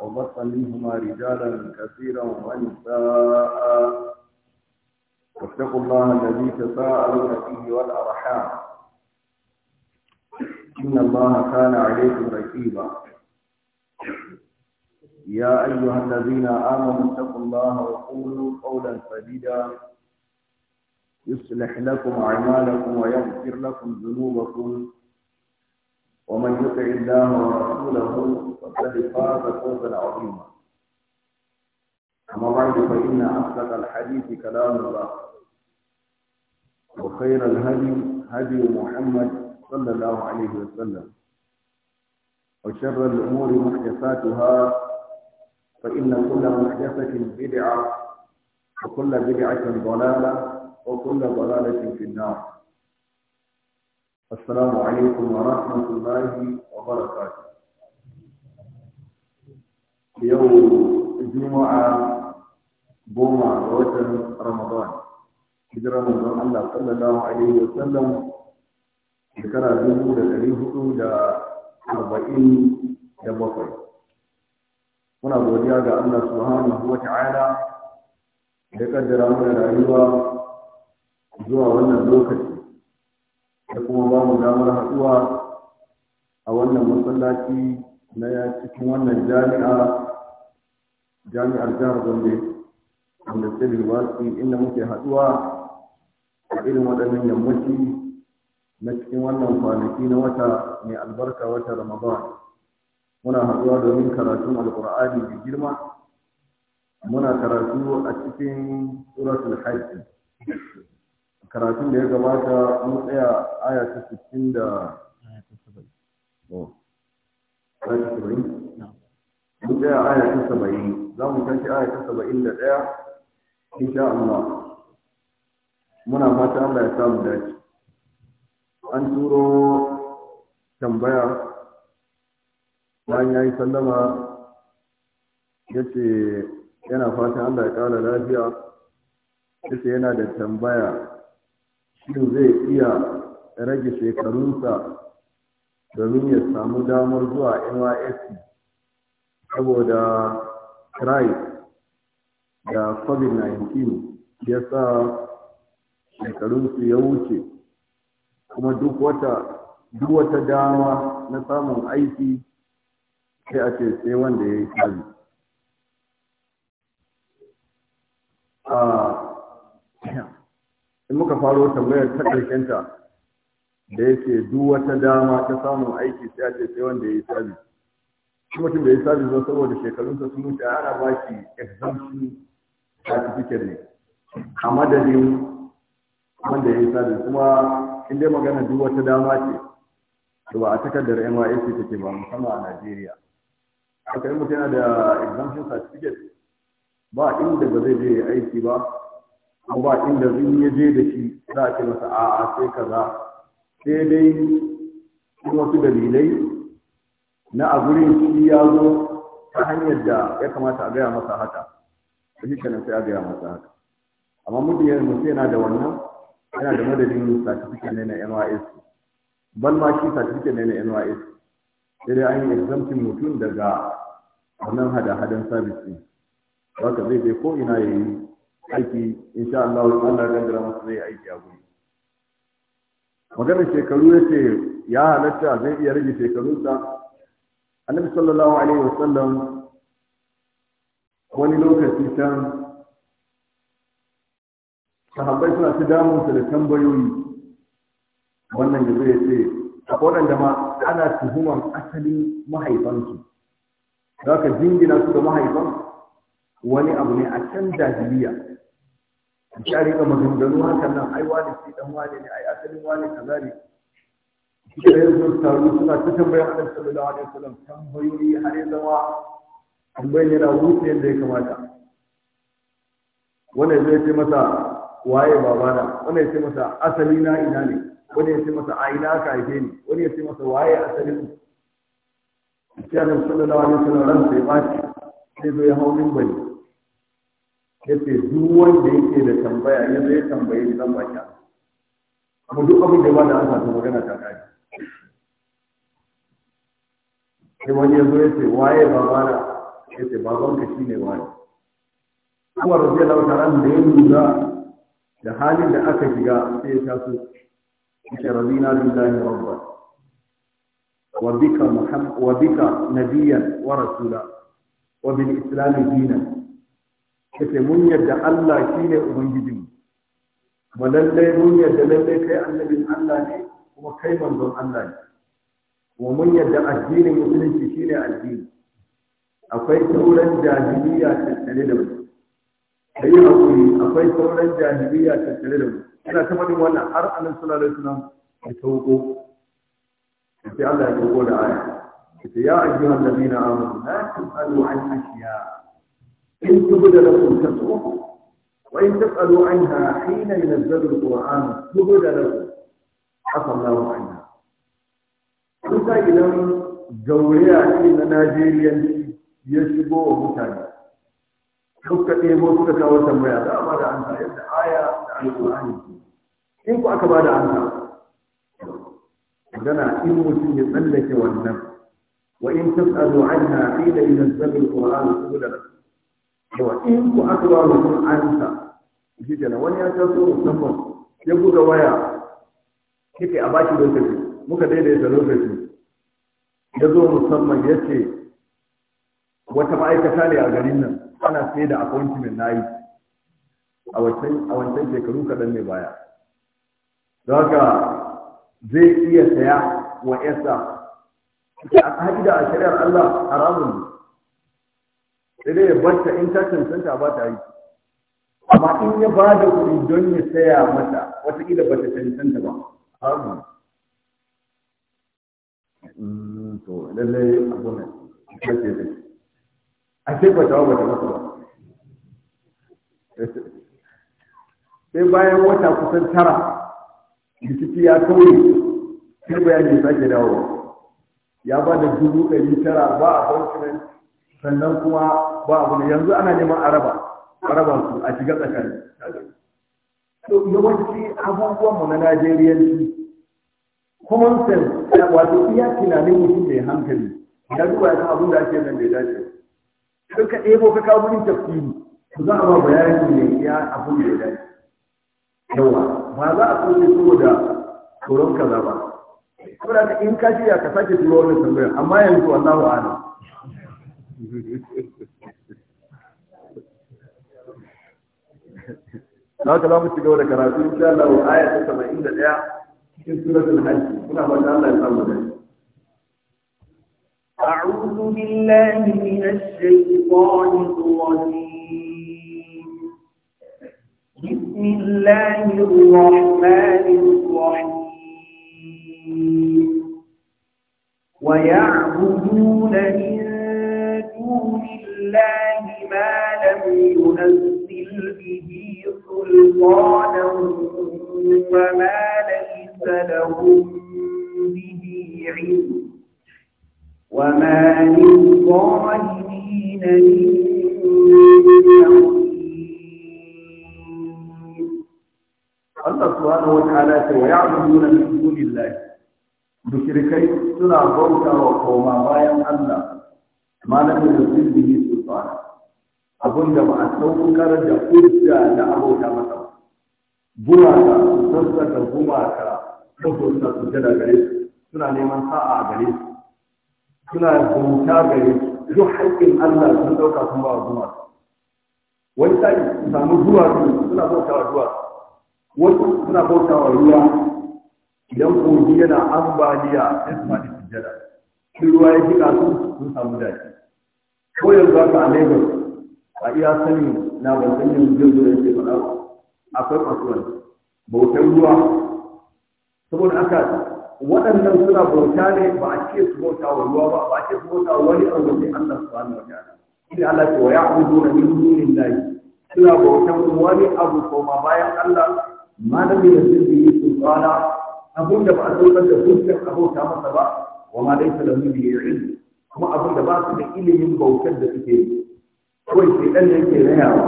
وبط منهما رجالا كثيرا ونساء واتقوا الله الذي تساءلون فيه والأرحام إن الله كان عليكم ركيبا يا أيها الذين آمنوا اتقوا الله وقولوا قولا سديدا يصلح لكم أعمالكم ويغفر لكم ذنوبكم ومن يطع الله ورسوله فقد فاز فوزا عظيما اما بعد فان اصدق الحديث كلام الله وخير الهدي هدي محمد صلى الله عليه وسلم وشر الامور محدثاتها فان كل محدثه بدعه وكل بدعه ضلاله وكل ضلاله في النار السلام عليكم ورحمة الله وبركاته يوم الجمعة بومة وطن رمضان هجرة رمضان الله صلى الله عليه وسلم ذكر الجمعة لتاريخ إلى أربعين يبطل هنا بوديا ga Allah subhanahu wa ta'ala da kaddara mana rayuwa zuwa da kuma ba mu damar haɗuwa a wannan masallaci na ya cikin wannan jami'a jami'ar jihar Gombe wanda ta University inda muke haɗuwa a irin waɗannan yammaci na cikin wannan kwanaki na wata mai albarka wata Ramadan muna haɗuwa domin karatun alƙur'ani da girma muna karatu a cikin suratul hajj karatun da ya gabata mun tsaya aya ta 60 da aya ta 70 aya ta 70 za mu tashi aya ta Allah muna fata Allah ya samu dace an turo tambaya bayan ya yi sallama ya ce yana fatan Allah ya ƙara lafiya ya yana da tambaya shin zai iya rage shekarunsa domin ya samu damar zuwa nysc saboda christ da covid-19 ya sa shekarunsu ya wuce kuma duk wata duk wata dama na samun aiki sai a ce sai wanda ya yi kazi a ah, in muka faro tambayar ta ƙarshen ta da yake duk wata dama ta samun aiki sai a ce sai wanda ya yi sabi shi mutum da yayi sabi ba saboda shekarunsa sun wuce ana ba shi exemption certificate ne a madadin wanda ya yi sabi kuma in dai magana duk wata dama ce to ba a takardar NYSC take ba musamman a Najeriya haka in mutum yana da exemption certificate ba inda ba zai je aiki ba ba inda zin ya je da shi za a ce masa a'a sai kaza sai dai wasu dalilai na a gurin shi ya zo ta hanyar da ya kamata a gaya masa haka shi kanan sai a gaya masa haka amma mutum yana mutum yana da wannan yana da madadin satifikin ne na NYS ban ma shi certificate ne na NYS sai dai an yi exemption mutum daga wannan hada-hadan service ne zai je ko ina ya yi aiki insha Allah Allah ya gara masa zai aiki a guri maganar shekaru ya ce ya halatta zai iya rage shekarunsa annabi sallallahu alaihi wasallam wani lokaci ta sahabbai suna ci damunsa da tambayoyi wannan ya zai ce a waɗanda ma ana tuhumar asalin mahaifansu za ka jingina su da mahaifan wani abu ne a can jahiliya ki a rika maganganu nan ai wani ce dan wani ne ai asalin wani kaza ne da yanzu taru suna ta tambayar annabi sallallahu alaihi wasallam tambayoyi har ya zama tambayar yana wuce yadda ya kamata wannan zai ce masa waye babana wannan ya ce masa asali na ina ne wani ya ce masa a ina ka haife ni wani ya ce masa waye asalin sai annabi sallallahu alaihi wasallam ran sai ba sai zo ya hau minbari yace duk wanda yake da tambaya ya zai tambaye ni zan baki amma duk abin da ba da amsa to magana ta kai sai wani ya zo ya ce waye babana ya ce babanka shine waye kuma radiyallahu ta'ala da ya lura da halin da aka shiga sai ya taso ya rabina billahi rabba wa bika muhammad wa bika nabiyyan wa rasula wa bil islam dinan kace mun yarda Allah shine ubangijinmu kuma lallai mun yarda lallai kai annabin Allah ne kuma kai manzon Allah ne kuma mun yarda addinin musulunci shine addini akwai sauran jahiliya tattare da mu yi hakuri akwai sauran jahiliya tattare da mu ina ta faɗin wannan har anan sallallahu alaihi wasallam ya sauko sai Allah ya sauko da aya ya ayyuhan ladina amanu la tasalu an ashiya إن تبد لكم تسؤهم وإن تسألوا عنها حين ينزل القرآن تبد لكم حصى الله عنها حتى إذا جوية إن ناجيريا يشبو مكان حتى إيه موتك وتمويا لا عنها يدعايا آية عن القرآن إن أكبر عنها عندنا إن مسلم والنفس وإن تسألوا عنها حين ينزل القرآن تبد لكم yawa in ku aka ba mutum ansa shi nan wani ya taso musamman ya buga waya kike a baki lokaci muka daidaita lokaci ya zo musamman ya ce wata ma'aikata ne a garin nan ana sai da appointment na yi a wancan shekaru kaɗan ne baya za ka zai iya saya wa Ke a ƙa'ida a shari'ar Allah haramun ne sai dai ya barta in ta cancanta ba ta yi amma in ya ba da kuɗi don ya saya mata wataƙila ba ta cancanta ba haram mm, to lallai abuna ce a ce ba ta ba ta masa ba sai bayan wata kusan tara ciki ya kawai sai bayan ya sake dawo ya ba da dubu ɗari tara ba a bankinan sannan kuma ba abu ne yanzu ana neman araba araba su a shiga tsakani to yawanci abubuwan mu na najeriyanci common sense wato iya tunanin mutum mai hankali ya duba ya abin da ake nan bai dace sai ka ɗebo ka kawo wurin tafsiri ku za a ba bayani ne ya abin da ya dace yawa ba za a ne saboda tsoron kaza ba saboda in ka shirya ka sake turo wani tambayar amma yanzu wallahu a'lam لا كلام تيجي ولا كلام إن شاء آية تسمى إن الله كن سورة الحج كنا ما شاء الله يسمونه أعوذ بالله من الشيطان الرجيم بسم الله الرحمن الرحيم ويعبدون من الله ما لم ينزل به سلطانا وما ليس لهم به علم وما للظالمين من الله سبحانه وتعالى ويعبدون من دون الله بشركين سنة بوتا وقوما بايا الله malamin da su bihi su tsara abin da ba a saukar da hujja na abota masa ba gumaka su sassaka gumaka ko su sa su jada gare su suna neman sa'a gare su suna bauta gare su duk haƙƙin Allah sun ɗauka sun ba wa gumaka wani sa'i su samu su suna bauta wa duwatsu wasu suna bauta wa ruwa idan kogi yana ambaliya sai su faɗi sujjada shi ruwa ya jika su sun samu daji. ko yanzu ka a lagos a iya sani na bautan yin jirgin da yake faɗa akwai kasuwan bautan ruwa saboda aka waɗannan suna bauta ne ba a ce su bauta wa ruwa ba ba a ce su bauta wa wani an wajen allah subhanahu wa ta'ala shi allah ce wa ya'budu min dunillahi suna bautan wani abu koma bayan allah malami da sun yi su tsara abun da ba a saukar da hujjar abota masa ba wa ma dai salamu da ya kuma abin da ba su da ilimin bautar da suke kawai sai ɗan ne ke rayawa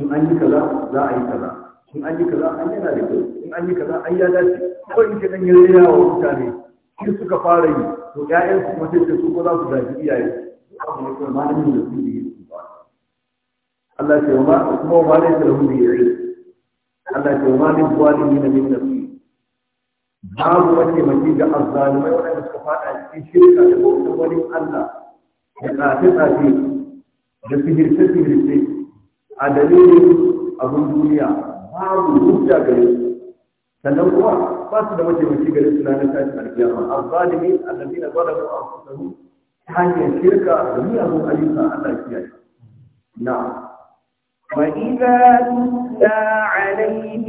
in an yi kaza za a yi kaza in an yi kaza an yana da kyau in an yi kaza an ya dace kawai in ke ɗan ya rayawa mutane shi suka fara yi to ƴaƴan su kuma sai su ko za su daji iyaye abu ne kuma malamin da su yi su ba Allah ce wa ma kuma wa ma ne ta lahu bi Allah ce wa ma min zalimin min babu mataimaki ga azzalumai waɗanda suka faɗa cikin shirka da bautar wani Allah da tsafe-tsafe da sihirce-sihirce a dalilin abin duniya babu hujja gare su sannan kuma ba su da mataimaki gare su ranar tashin alkiyama azzalumi annabi na gwada mu a kusurin ta hanyar shirka da miyagun ayyuka Allah kiyaye na'am وإذا تتلى عليهم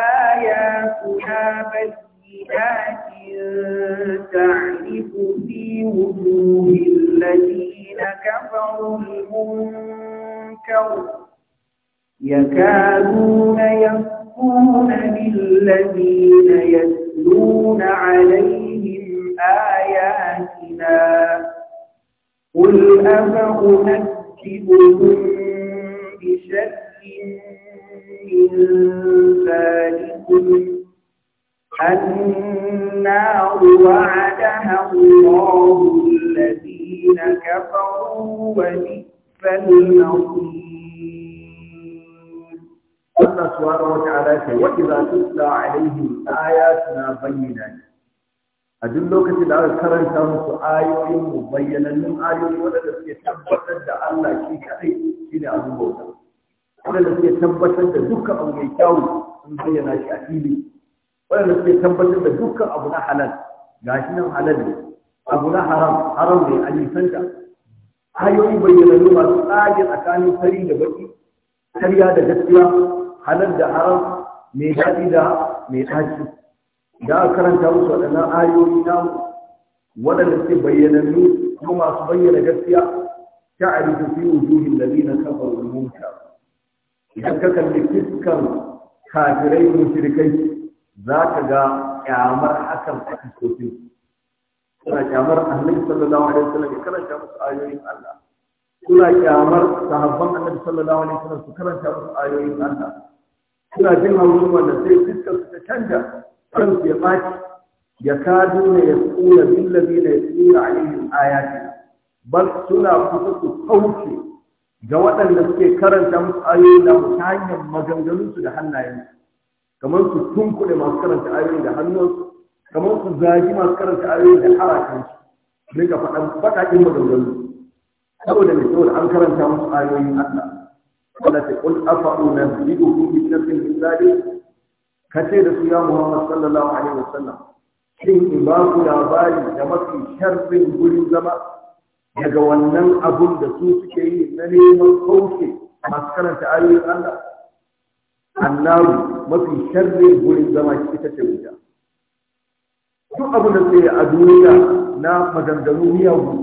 آياتنا بينات آيات تعرف في وجوه الذين كفروا المنكر يكادون يفكون بالذين يتلون عليهم آياتنا قل أفأنبئكم بشر من ذلكم النار وعدها الله الذين كفروا وبئس المصير الله سبحانه وتعالى وإذا تتلى عليهم آياتنا بينات a duk lokacin da aka karanta musu ayoyin mu bayyanannun ayoyi waɗanda suke tabbatar da Allah shi kaɗai shi ne abin bauta waɗanda suke tabbatar da dukkan abu mai sun bayyana shi a fili wanda suke tabbatar da dukkan abu na halal shi nan halal ne abu na haram haram ne a da ayoyi bayyanannu masu tsage tsakanin fari da baki karya da gaskiya halal da haram mai daɗi da mai ɗaci da aka karanta musu waɗannan ayoyi namu waɗanda suke bayyanannu kuma masu bayyana gaskiya ta تعرف da na kafa wani المنكر idan ka kalli fiskan kafirai mushrikai za ka ga kyamar hakan a fuskokin suna kyamar annabi sallallahu alaihi wasallam ya karanta musu ayoyin Allah suna kyamar sahabban annabi sallallahu alaihi wasallam su karanta musu ayoyin Allah suna jin haushin wanda sai fuskar su ta canja kansu ya ɓaci ya kadu ne ya tsura billabi ne ya tsura alaihim ayati bal suna kusa su kauce ga waɗanda suke karanta musu ayoyin Allah ta hanyar maganganunsu da hannayensu kamar su tunkule masu karanta ayoyi da hannunsu kamar su zagi masu karanta ayoyi da harakan su rika faɗan baƙaƙin maganganu saboda mai saboda an karanta musu ayoyin Allah wanda ta qul afa'u na nabiyukum bi shakkin zaɓe? ka ce da su ya Muhammad sallallahu alaihi wasallam shin in ba ku labari da mafi sharfin gurin zama daga wannan abun da su suke yi na neman kauce masu karanta ayoyin Allah annaru mafi sharrin gurin zama ita ce wuta duk abu da tsaye a duniya na maganganu miyagu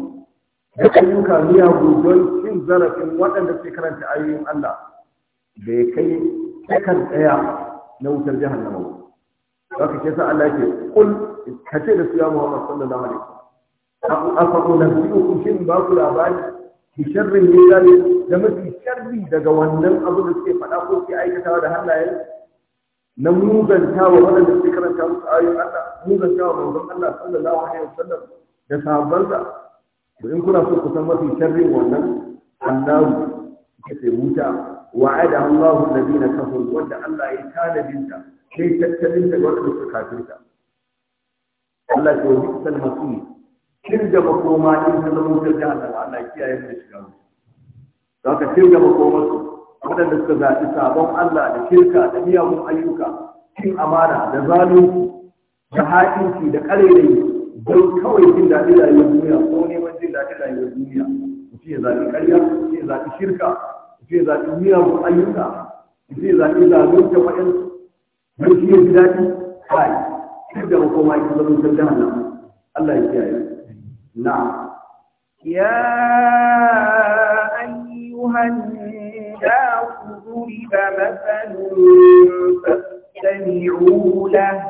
da ayyuka miyagu don cin zarafin waɗanda suke karanta ayoyin Allah da ya kai takan ɗaya na wutar jahannama ba za ka ke sa Allah ke kul ka ce da su ya Muhammad sallallahu alaihi wasallam a na biyu shin ba ku labari bi sharrin min zalik da mafi sharri daga wannan abu da suke faɗa ko suke aikatawa da hannayen na muganta wa waɗanda suke karanta musu ayoyin Allah muganta wa manzon Allah sallallahu alaihi wasallam da sahabbansa to in kuna so ku san mafi sharrin wannan annabi ke sai wuta wa'ada Allahu alladhina kafaru wanda Allah ya binta sai tattalin da wanda suka kafirta Allah ya yi salmasu kirga makoma in ta zama wutar jahannama Allah kiyaye mu da shiga wuta za ka kirga makomarsu waɗanda suka zaɓi sabon Allah da shirka, da miyagun ayyuka cin amana da zalunci da haƙinci da ƙarairayi don kawai jin daɗin rayuwar duniya ko neman jin daɗin rayuwar duniya mutum ya zaɓi ƙarya mutum ya zaɓi shirka mutum ya zaɓi miyagun ayyuka mutum ya zaɓi zalunci waɗansu don shi ya ji daɗi kai kirga makoma in ta zama wutar jahannama Allah ya kiyaye mu نعم يا أيها الناس ضرب مثل فاستمعوا له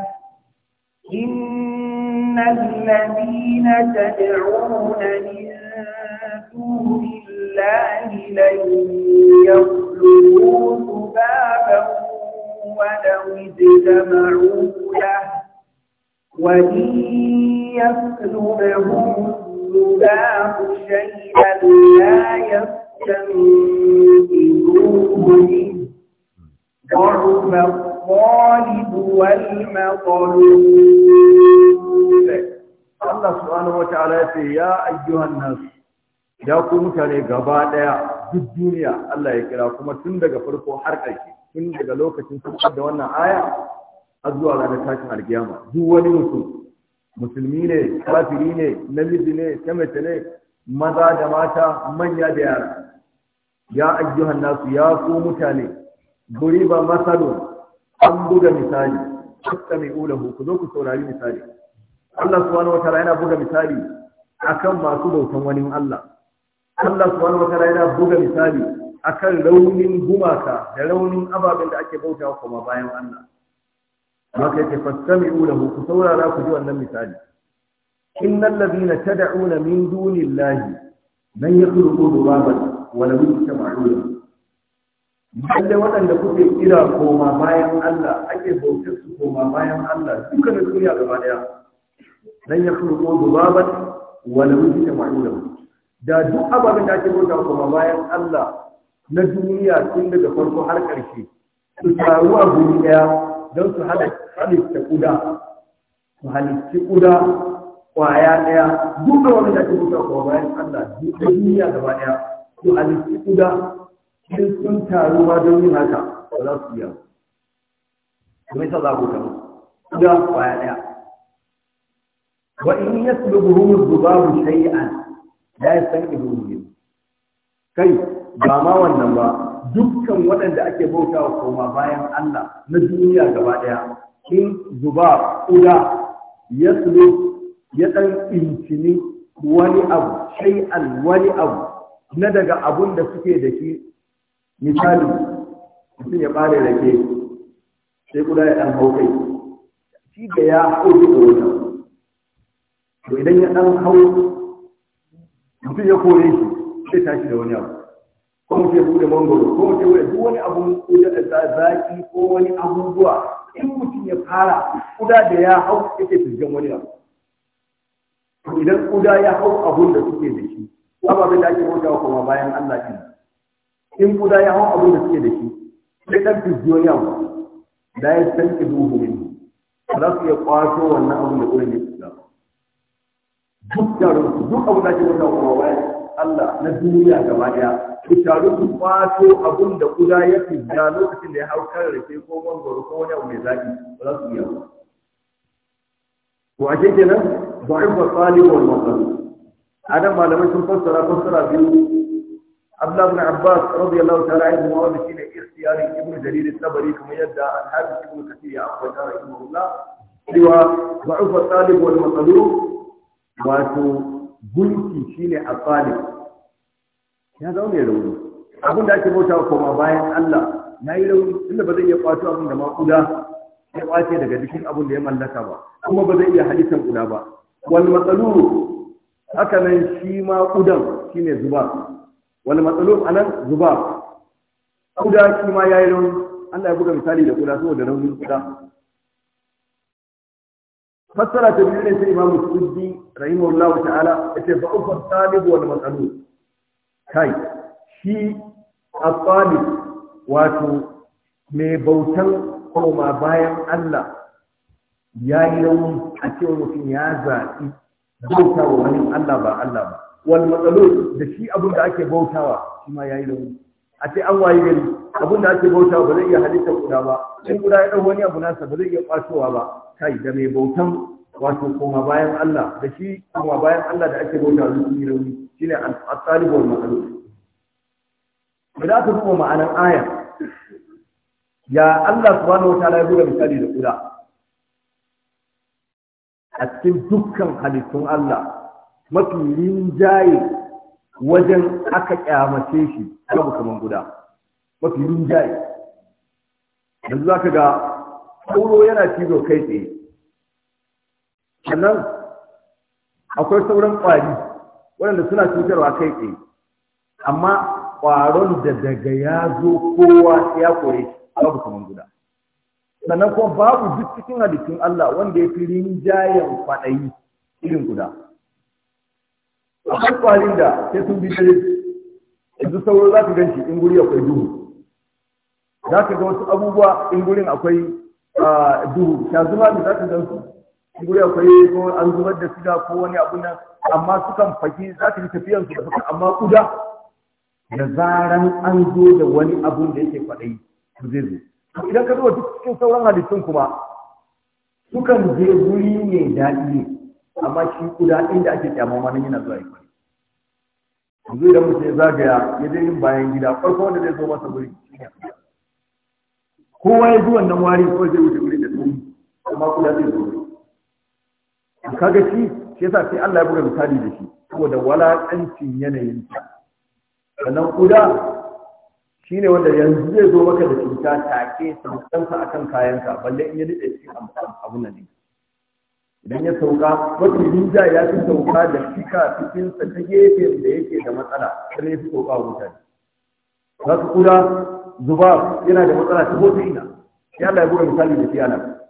إن الذين تدعون من دون الله لن يخلقوا ذبابا ولو اجتمعوا له وإن يسلبهم الذباب شيئا لا يستنقذوه منه ضعف الطالب والمطلوب Allah subhanahu wa ta'ala ya ce ya ayyuhan nas ya ku mutane gaba daya duk duniya Allah ya kira kuma tun daga farko har ƙarshe tun daga lokacin fitar da wannan aya har zuwa ranar tashin alkiyama duk wani mutum musulmi ne kafiri ne namiji ne ta mace ne maza da mata manya da yara ya ayyuhan nasu ya ku mutane buriba masalu, an buga misali fastami'u lahu ku zo ku saurari misali Allah subhanahu wataala yana buga misali akan masu bautan wani Allah Allah subhanahu wataala yana buga misali akan raunin gumaka da raunin ababen da ake bautawa kuma bayan Allah maka yake fastami'u lahu ku saurara ku ji wannan misali innal ladina tad'una min dunillahi lan yakhluqu dhubaban wa lam yajma'u lalle waɗanda kuke kira koma bayan Allah ake bautar su koma bayan Allah duka na duniya gaba ɗaya. daya lan yakhluqu dhubaban wa lam yajma'u da duk ababen da ake bauta koma bayan Allah na duniya tun daga farko har ƙarshe su taru a guri ɗaya. don su halitta kuda su halitta kuda kwaya ɗaya duk da wani da kuka ko bayan Allah duk da duniya ba daya su halitta kuda sun sun taru ba don yin haka ba za su iya kuma ita za ku ta kuda kwaya ɗaya wa in an ya yi san ilimin kai ba ma wannan ba dukkan waɗanda ake bautawa koma bayan Allah na duniya gaba ɗaya in zuba ƙuda ya tsoro ya ɗan incini wani abu shay'an wani abu na daga abun da suke da shi misali mutum ya ɓare rake sai ƙuda ya ɗan hau kai shi da ya hau da wata to idan ya ɗan hau mutum ya kore shi sai tashi da wani abu ko mu ce bude mangoro ko mu ce bude duk wani abu da zaki ko wani abubuwa in mutum ya fara kuda da ya hau yake fizgen wani abu idan kuda ya hau abun da suke da shi ba da ake bautawa kuma bayan Allah din in kuda ya hau abun da suke da shi sai dan fizgen wani abu da ya san ki duhu ne za su iya kwato wannan abun da kuma ne duk yaron duk abun da ake bautawa kuma bayan Allah na duniya gaba daya ku taru ku fato abun da kuda ya da lokacin da ya hau kan rake ko mangoro ko wani abu mai zaki ba za su iya ba to a ba ba'in ba salih wal maqam adam malamai sun fassara fassara biyu Abdullah ibn Abbas radiyallahu ta'ala anhu wa wanda shine ikhtiyarin ibnu Jalil al tabari kuma yadda al-Hafiz Ibn Kathir ya ambata rahimahullah cewa ba'in fa talib wal maqam wato gunki a asali ya zama mai rauni abin da ake bauta koma bayan Allah ya yi rauni inda ba zai iya kwato abin da makuda ya kwace daga jikin abin da ya mallaka ba kuma ba zai iya halittar kuda ba Wani matsalu haka nan shi ma kudan ne zuba Wani matsalu a nan zuba kuda shi ma ya yi rauni Allah ya buga misali da kuda saboda raunin kuda fassara ta biyu ne sai imamu suddi rahimahullahu ta'ala yace fa ufa talib wal mas'alun kai shi at-talib wato mai bautan koma bayan Allah ya yi rauni a cewa mutum ya zaɓi bautawa wani Allah ba Allah ba wal matsalo da shi abin da ake bautawa shi ma ya yi rauni a ce an waye gari abin da ake bautawa ba zai iya halitta kuda ba in guda ya ɗau wani abu nasa ba zai iya kwasowa ba kai da mai bautan wato koma bayan Allah da shi koma bayan Allah da ake bauta su sun yi rauni shine al-talibu wal Me za ka duba ma'anar aya ya Allah subhanahu wata ya da misali da kula a cikin dukkan halittun Allah mafi rinjaye wajen aka kyamace shi babu kaman guda mafi rinjaye yanzu za ka ga sauro yana cizo kai tsaye sannan akwai sauran ƙwari waɗanda suna cutarwa kai tsaye amma ƙwaron da daga ya zo kowa ya kore babu kaman guda sannan kuma babu duk cikin halittun Allah wanda ya fi rinjayen faɗayi irin guda akwai ƙwarin da sai sun bi dare yanzu sauro za ka gan shi in guri akwai duhu za ka ga wasu abubuwa in gurin akwai duhu ta zuma ne za ka gan su in gurin akwai ko an zubar da siga ko wani abu nan amma sukan faki za ka ji tafiyan su da suka amma kuda da zaran an zo da wani abun da yake faɗai. su zai zo idan ka zo duk cikin sauran halittun kuma sukan je guri ne daɗi ne amma shi kuda inda ake kyamama wani yana zuwa yi kwari yanzu idan mutum ya zagaya ya je yin bayan gida farko wanda zai zo masa guri shi ne kowa ya ji wannan wari ko zai wuce wurin da tsoro amma kula zai zo ga shi shi yasa sai Allah ya buga misali da shi saboda walakancin yanayin sa sannan kuda shine wanda yanzu zai zo maka da cuta take saukansa akan kayanka balle in ya dade shi abun nan idan ya sauka mafi ja ya fi sauka da fika sa ta gefen da yake da matsala sai ya fi sauka mutane za su kuda zuba yana da matsala ta hoto ina ya Allah ya buga misali da fiyana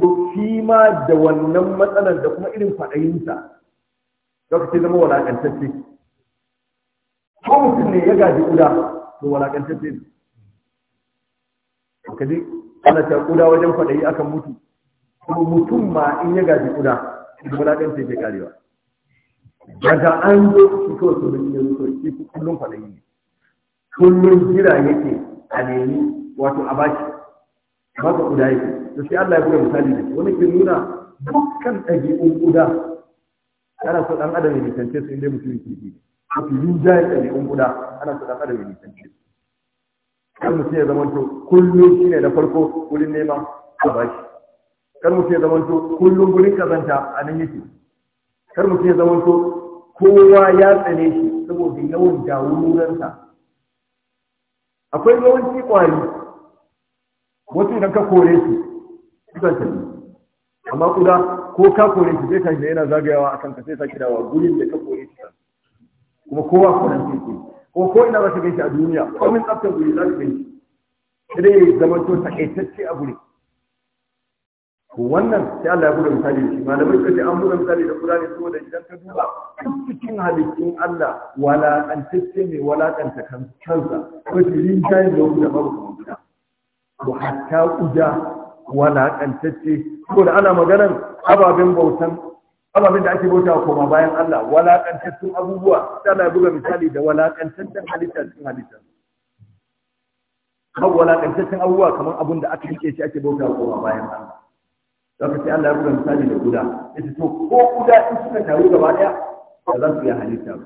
to shi ma da wannan matsalar da kuma irin faɗayinsa lokaci zama walakantacce ko mutum ne ya gaji ƙuda to walakantacce ne kaji ana ta ƙuda wajen faɗayi akan mutu ko mutum ma in ya gaji ƙuda walakantacce ke karewa daga an zo shi kawai sun yi yanzu shi kullum faɗayi ne kullum jira yake a nemi wato a bashi ba ka kuda yake to sai Allah ya buga misali da wani ke nuna dukkan ɗabi'un kuda ana so dan adam ya nisance su inda mutum ke ji yin yuja ya ɗabi'un kuda ana so dan adam ya nisance su kar mutum ya zamanto kullum shine na farko wurin nema a bashi kar mutum ya zamanto kullum gurin kazanta a nan yake kar mutum ya zamanto kowa ya tsane shi saboda yawan dawurarsa akwai yawanci kwari wasu idan ka kore su sukan tafi amma kuda ko ka kore su zai tashi yana zagayawa a kanka sai sake dawa gurin da ka kore su kuma kowa koran sai ke ko ko ina za ka gaishe a duniya komin tsaftar guri za ka gaishe sai dai zama to takaitacce a guri wannan sai Allah ya buga misali shi malamai suka ce an buga misali da kula ne saboda idan ka duba cikin halittun Allah wala kantacce ne wala kanta kansa ko tirin jayin da wanda babu kamar guda ko hatta uja wala Ko da ana maganar ababen bautan ababen da ake bauta koma bayan Allah wala kantaccen abubuwa sai Allah ya buga misali da wala kantaccen halitta cikin halittar babu wala kantaccen abubuwa kamar abun da aka rike shi ake bauta koma bayan Allah Zaka sai Allah ya buga misali da guda. Ya ce to ko guda in suka taru gaba ɗaya ba za su iya halitta ba.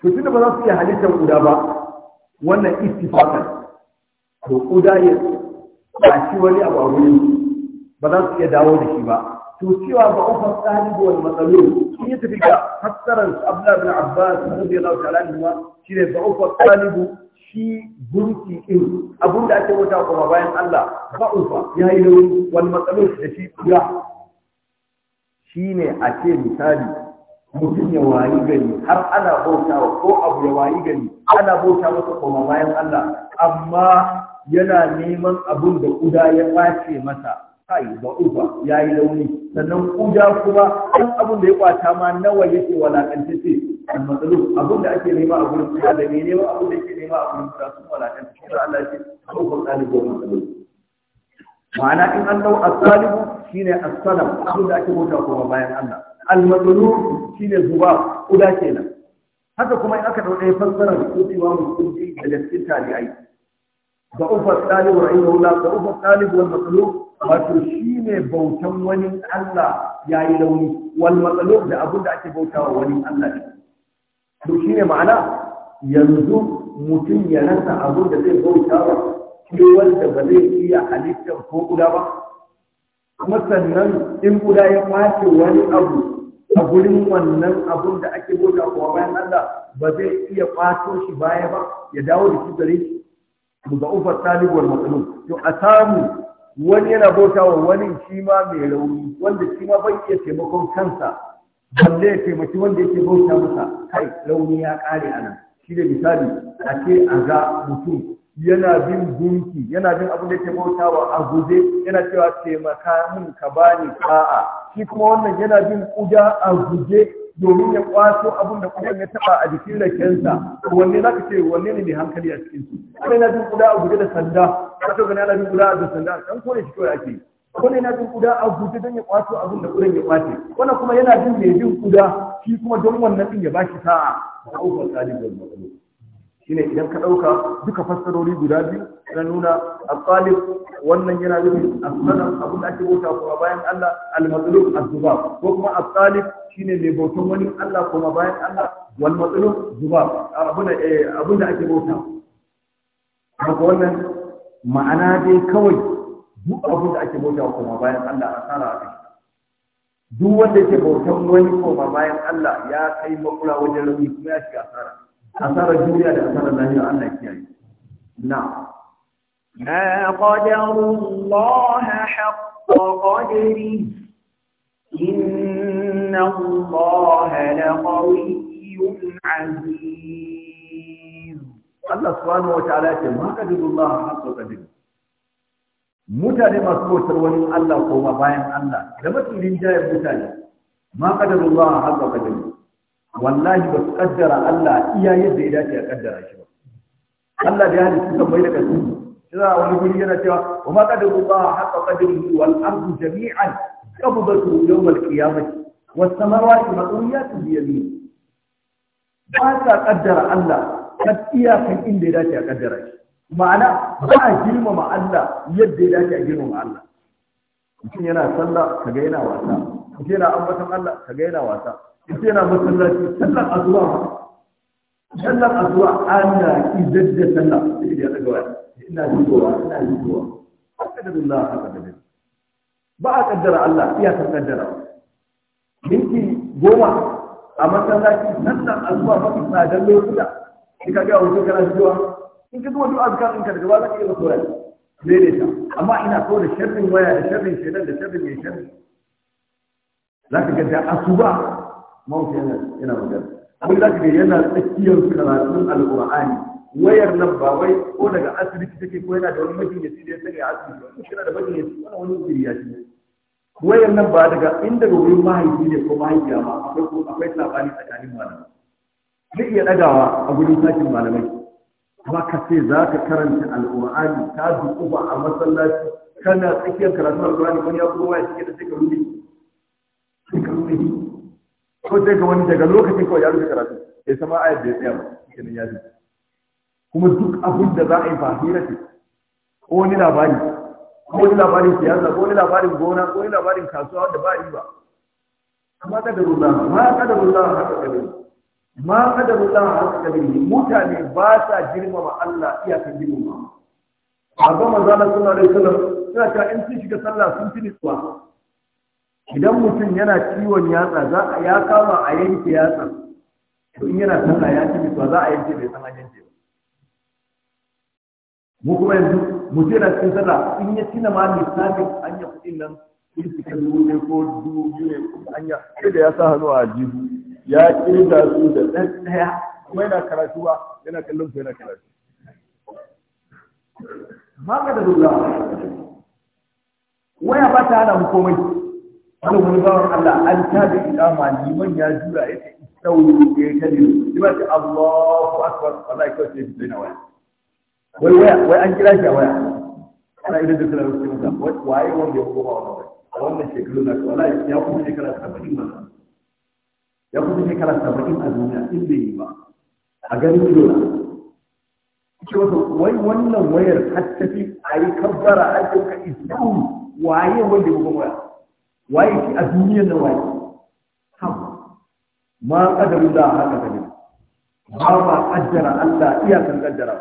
To tunda ba za su iya halittar guda ba wannan istifakan. To guda ya ba shi wani abu a wurin ba za su iya dawo da shi ba. ga ضعوف الصاحب والمظلوم يتفق حسرا عبد الله بن عباس رضي الله تعالى عنهما شيء ضعوف الطالب shi gunki din abun da ake wata kuma bayan Allah ba'ufa ya yi nauyi wani matsalus da shi Shi shine a ce misali mutum ya wayi gani, har ana bauta ko abu ya wayi gari ana bauta masa kuma bayan Allah amma yana neman abun da kuda ya kwace masa kai ba uba ya yi launi sannan kuja kuma ɗan abin da ya kwata ma nawa yake an almatsalu abin da ake nema a gurin kuma da ne nema abin da ke nema a gurin kuma sun walakanta walakantacce da Allah ce ɗaukar ɗalibu matsalu ma'ana in an dau asalibu shine asalam abin da ake mota kuma bayan Allah al almatsalu shine zuba kuda kenan haka kuma in aka dau ɗaya fassarar ko cewa ji da gaskiya tabi'ai da ufar ɗalibu ra'ayi da ufar ɗalibu wal matsalu wato shi ne bautan wani Allah ya yi launi wani matsalo da abin da ake bautawa wani Allah ne to shi ne ma'ana yanzu mutum ya rasa abin da zai bautawa kewar da ba zai iya halittar ko guda ba kuma sannan in guda ya kwace wani abu a gurin wannan abun da ake bauta wa bayan Allah ba zai iya kwato shi baya ba ya dawo da shi gare shi ga ufar talib to a samu wani yana bauta wa wani shi ma mai rauni wanda shi ma bai iya taimakon kansa balle ya taimaki wanda yake bauta masa kai rauni ya kare a nan shi da misali ake ce a ga mutum yana bin gunki yana bin abin da yake bautawa a guje yana cewa taimaka min ka bani a'a shi kuma wannan yana bin kuda a guje domin ya kwaso abin da kudan ya taba a jikin rakensa wanne zaka ce wanne ne mai hankali a cikin su kuma yana bin kuda a guje da sanda wato gani yana bin kuda da sanda dan kore shi kawai ake ko ne na bin kuda a guje don ya kwato abin da kudan ya kwace wannan kuma yana bin mai bin kuda shi kuma don wannan din ya bashi sa'a a ukun sadi da mutum shine idan ka ɗauka duka fassarori guda biyu na nuna al-qalib wannan yana nufin as-sanam abin da ake bauta kuma bayan Allah al mazlum az-zubab ko kuma al-qalib shine mai bautan wani Allah kuma bayan Allah wal mazlum zubab eh, abin da ake bauta haka wannan ma'ana dai kawai duk abin da ake bauta kuma bayan Allah a tsara a duk wanda ke bautan wani kuma bayan Allah ya kai makura wajen rauni kuma ya shiga asara asarar duniya da asarar lahira Allah kiyaye na ما قدر الله حق قدره إن الله لقوي عزيز الله سبحانه وتعالى ما قدر الله حق قدره mutane masu bautar wani Allah ko ma bayan Allah da mafi rinjayar mutane ma kadarullah haka kadari wallahi ba su kaddara Allah iya yadda ya dace a kaddara shi ba Allah da ya halitta kan bai da kasu za wani guri yana cewa wa ma qadaru Allah haqa qadrihi wal ardu jami'an qabdatu yawm al qiyamah was samawati maqriyatun bi yamin ba ta kaddara Allah kad iya kan inda ya dace a kaddara shi ma'ana ba a girmama Allah yadda ya dace a girmama Allah mutum yana sallah kaga yana wasa mutum yana ambaton Allah kaga yana wasa mutum yana masallaci sallar azuwa sallar azuwa ana izar da sallar sai ya daga wani ina zuwa. ina shigowa alhamdulillah alhamdulillah ba a kaddara Allah iya ta kaddara minti goma a masallaci sallar azuwa mafi tsadar lokuta in ka ga wato kana shigowa in ka zuwa duk azkar ɗinka daga ba za ka iya masoya daidaita amma ina so da sharrin waya da sharrin shaidan da sharrin mai sharri za ka ga asuba mawuce yana magana abin da ga yana tsakiyar karatun alƙur'ani wayar nan ba wai ko daga asibiti take ko yana da wani majinyaci da ya sanya asibiti ko yana da majinyaci wani wani iri ya shi wayar nan ba daga inda ga wurin mahaifi ne ko mahaifiya ma akwai ko akwai labarin tsakanin malamai zai iya dagawa a gurin sakin malamai amma ka ce za ka karanta alqur'ani ka dukuba a masallaci kana tsakiyar karatun alqur'ani wani ya kuma waya cike da sai ka rubi sai ka rubi ko sai ga wani daga lokacin kawai ya rufe karatu ya sama ayat da ya tsaya ba kenan ya ji kuma duk abin da za a yi ba hira ce ko wani labari ko wani labarin siyasa ko wani labarin gona ko wani labarin kasuwa da ba a yi ba amma kadarullah ma kadarullah haka kadari ma kadarullah haka kadari mutane ba sa girmama Allah iyakan girmama a ga manzo Allah sallallahu alaihi wasallam suna ta in sun shiga sallah sun fi nutsuwa idan mutum yana ciwon yatsa za a ya kama a yanke yatsa to in yana sallah ya ci to za a yanke bai san an yanke ba mu kuma yanzu mutum yana cikin sallah in ya tina ma lissafin hanya kuɗin nan in su kan dubu ne ko dubu biyu ne ko hanya sai da ya sa hannu a jihu ya ƙirga su da ɗan ɗaya kuma yana karatu ba yana kallon su yana karatu ba ka da dole waya ba ta hana mu komai wani wani bawan Allah an ta da ikama liman ya jura ya ce sauyi ya yi ta biyu ba ce Allahu akbar wallahi kawai sai bisu na waya wai waya wai an kira shi a waya ana idan da kula da wasu mutum waye wanda ya koma wani waya a wannan shekaru na kawai wallahi ya kuma shekara saba'in ba ya kuma shekara saba'in a duniya in bai yi ba a ganin ido na ce wasu wai wannan wayar har tafi a yi kabbara a ka isa waye wanda ya kuma waya waye shi a duniyar nan waye ham ma qadaru la haka kadir ba ba qaddara Allah iya kan qaddara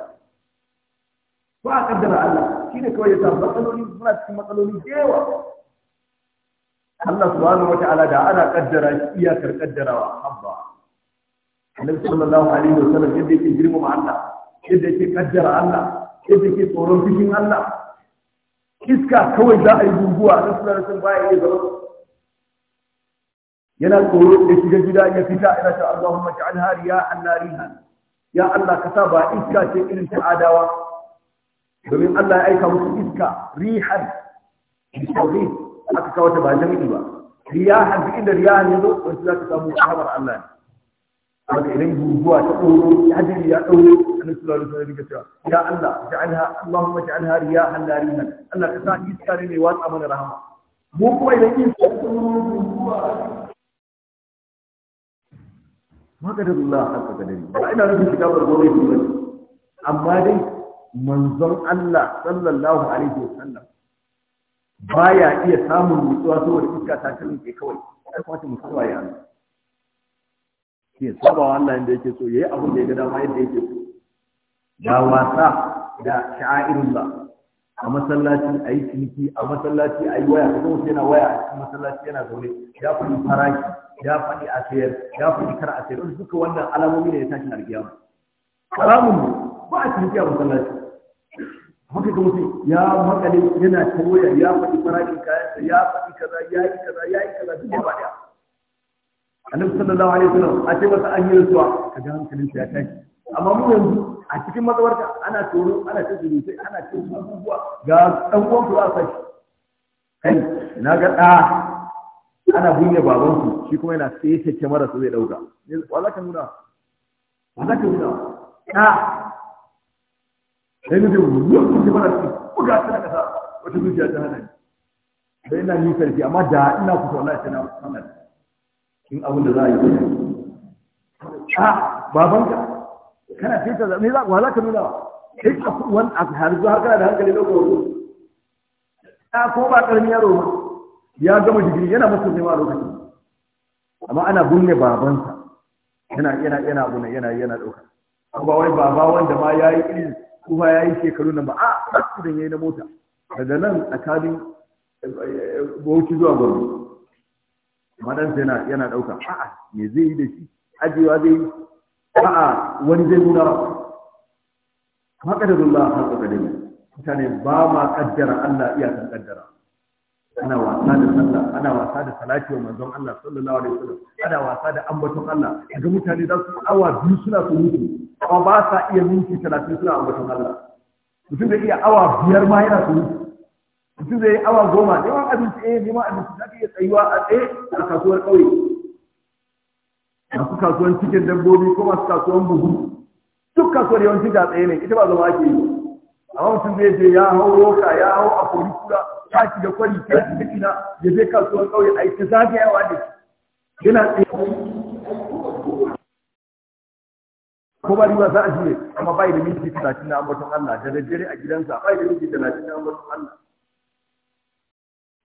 ba a qaddara Allah shine kawai ya samu matsaloli suna cikin matsaloli da yawa Allah subhanahu wata'ala da ana kaddara shi iya kan kaddarawa habba Annabi sallallahu alaihi wasallam yadda yake girmama Allah yadda yake kaddara Allah yadda yake tsoron fishin Allah iska kawai za a yi guguwa na sunan sun baya iya zama yana tsoro ya shiga gida ya fita ina ta Allahumma ja'alha riya'an narihan ya Allah ka sa ba iska ce irin ta adawa domin Allah ya aika musu iska rihan bisawri aka kawo ta ba jami'i ba riyahan duk inda riyahan yazo wanda za ka samu sahabar Allah ne wanda idan guguwa ta tsoro ya hadiri ya dauro annabi sallallahu alaihi wasallam ya ce ya Allah ja'alha Allahumma ja'alha riyahan narihan Allah ka sa iska ne mai watsa mana rahama mu kuma idan iska tsoro ma qadarullah haqqa qadari ba ina nufin shiga bargo ne amma dai manzon Allah sallallahu alaihi wasallam baya iya samun nutsuwa saboda iska ta kalin ke kawai ya kamata mu kawai ya ke wa Allah inda yake so yayi abin da ya ga dama yadda yake so da wasa da sha'airullah a masallaci a yi ciniki a masallaci a yi waya kuma wasu yana waya a cikin masallaci yana zaune ya faɗi faraki ya faɗi a sayar ya faɗi kar a sayar wasu duka wannan alamomi ne ya tashi alkiyama kalamun ba a ciniki a masallaci haka ga mutum ya makale yana ta waya ya faɗi farakin kayansa ya faɗi kaza ya yi kaza ya yi kaza duk ba ɗaya annabi sallallahu alaihi wasallam a ce masa an yi rasuwa kaga hankalinsa ya tashi amma mu yanzu a cikin matsawarka ana tsoro ana ta surutai ana ce abubuwa ga ɗan uwan ku a sashi kai na ga ɗa ana bunne ku shi kuma yana sai ya ce mara su zai ɗauka wa za ka nuna wa za ka nuna ɗa sai nufin wuyan kuma mara su buga ta kasa wata zuciya ta hana ni sai ina nisar shi amma da ina kusa wallahi sai na hana in abin da za a yi ka. babanka kana fita da me za wa za ka nuna wa wani a wani azhar zuwa kana da hankali na wato ta ko ba karamin yaro ma? ya gama digiri yana musulmi ma lokacin amma ana bunne babansa yana yana yana bunne yana yana dauka ba wai baba wanda ma yayi irin kuma yayi shekaru nan ba a da yayi na mota daga nan tsakanin eh, eh, bauchi zuwa gwamnati madan sai yana yana dauka a'a me zai yi da shi Ajiyewa zai yi a'a wani zai nuna haka da a haka da dai mutane ba ma kaddara Allah iyakan kaddara ana wasa da sallah ana wasa da salati wa manzon Allah sallallahu alaihi wasallam ana wasa da ambaton Allah daga mutane za su awa biyu suna su mutu amma ba sa iya minti talatin suna ambaton Allah mutum zai iya awa biyar ma yana su mutu mutum zai yi awa goma neman abinci eh neman abinci za ka iya tsayuwa a tsaye a kasuwar ƙauye masu kasuwan cikin dabbobi ko masu kasuwan buhu duk kasuwar yawanci da tsaye ne ita ba zama ake yi amma mutum zai je ya hau roka ya hau a kori kura ya ci da kwari ya ci da kina ya je kasuwan ƙauye a ita zagayawa yawa ne yana tsaye ko ba riba za a ne amma bai da minti talatin na ambaton Allah da daddare a gidansa bai da minti talatin na ambaton Allah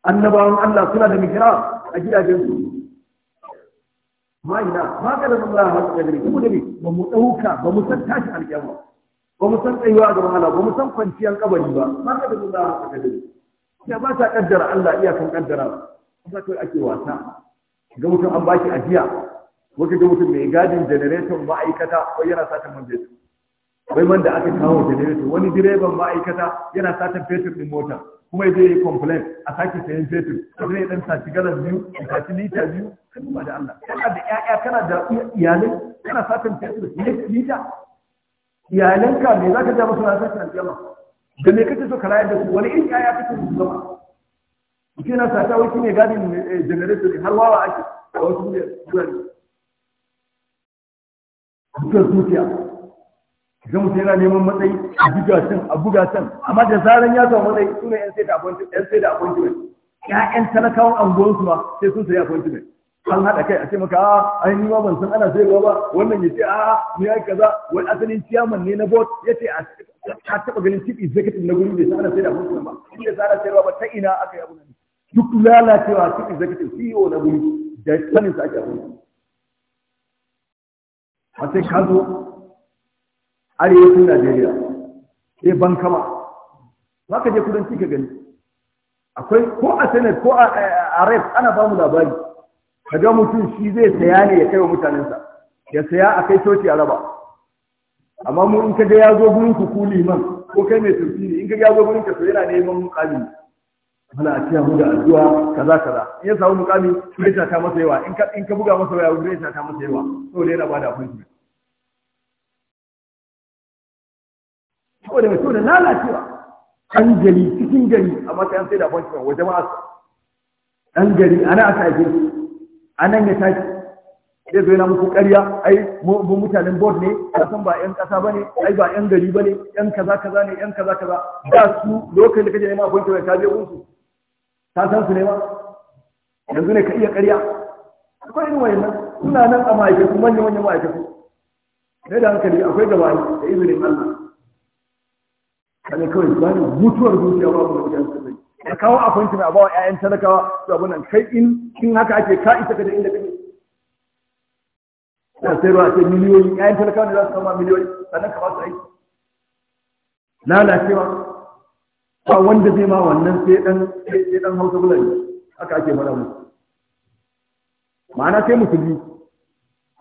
annabawan Allah suna da mihra a gidajensu ma ina ma ka da Allah har da gari kuma ba mu dauka ba mu san tashi alƙiyama ba mu san tsayuwa ga mahala ba mu san kwanciyar kabari ba ma ka da Allah har da gari ya ba ta kaddara Allah iyakan kaddara kuma kai ake wasa ga mutum an baki ajiya wata ga mutum mai gadin generator ma'aikata ko yana sata man fetur wai wanda aka kawo generator wani direban ma'aikata yana satar fetur din mota kuma ya yi complain a sake sayan fetur kuma ya dan saci galan biyu ya saci lita biyu kan ba da Allah kana da ƴaƴa kana da iyalai kana satar fetur ne lita iyalanka me zaka ja musu ranar kan jama da me kace so ka rayar da su wani in ƴaƴa kace su zama kike na sata wai kine gadin eh, generator har wawa ake a wasu ne zuwa ne zuciya ga mutum yana neman matsayi a buga can a buga can amma da zaran ya samu matsayi suna yan sai da yan sai da appointment ƴaƴan talakawan anguwan su ma sai sun sayi appointment an haɗa kai a ce maka a ah, ai ni ma ban san ana sayarwa ba wannan ya ce a ah, ni ai kaza wani asalin ciyaman ne na bot ya ce ah, a taɓa ganin cikin zakatin na guri bai san ana sayar da appointment ba shi da sana sayarwa ba ta ina aka yi abu nan duk lalacewa cikin zakatin CEO na guri da sanin sa ake abin a sai ka zo arewacin najeriya sai eh, bankama za ka je kudanci ka gani akwai ko a senate ko a arab ana ba mu labari ka ga mutum shi zai saya ne ya kai wa mutanensa ya saya a kai coci a raba amma mu in ka ga ya zo gurin ku ku liman ko kai mai turfi ne in ka ga ya zo gurin ka so yana neman mukami mana a ciya mu da addu'a kaza kaza in ya samu mukami zai ta masa yawa in ka buga masa yawa zai ta masa yawa saboda yana bada hukunci saboda mai saboda lalacewa an gari cikin gari a matsayin sai da bankin wa jama'a an gari a nan aka haife a nan ya tashi zai zo yana muku karya ai mu mutanen board ne kasan ba yan kasa bane ai ba yan gari bane yan kaza kaza ne yan kaza kaza ba su lokacin da kaje ma bankin ka je gunsu ta san su ne ma yanzu ne ka iya karya akwai irin nan, suna nan a ma'aikatu manyan manyan ma'aikatu sai da hankali akwai gabani da izinin Allah kaje kawai ne mutuwar zuciya ba ku da wajen ka kawo appointment a bawa ƴaƴan talakawa su abun nan kai in in haka ake ka isa ka da inda kake ya sai ruwa ce miliyoyi ƴaƴan talakawa ne za su kama miliyoyi sannan ka ba su aiki lalacewa ba wanda zai ma wannan sai dan sai dan Hausa bulani haka ake mana mu ma'ana sai musulmi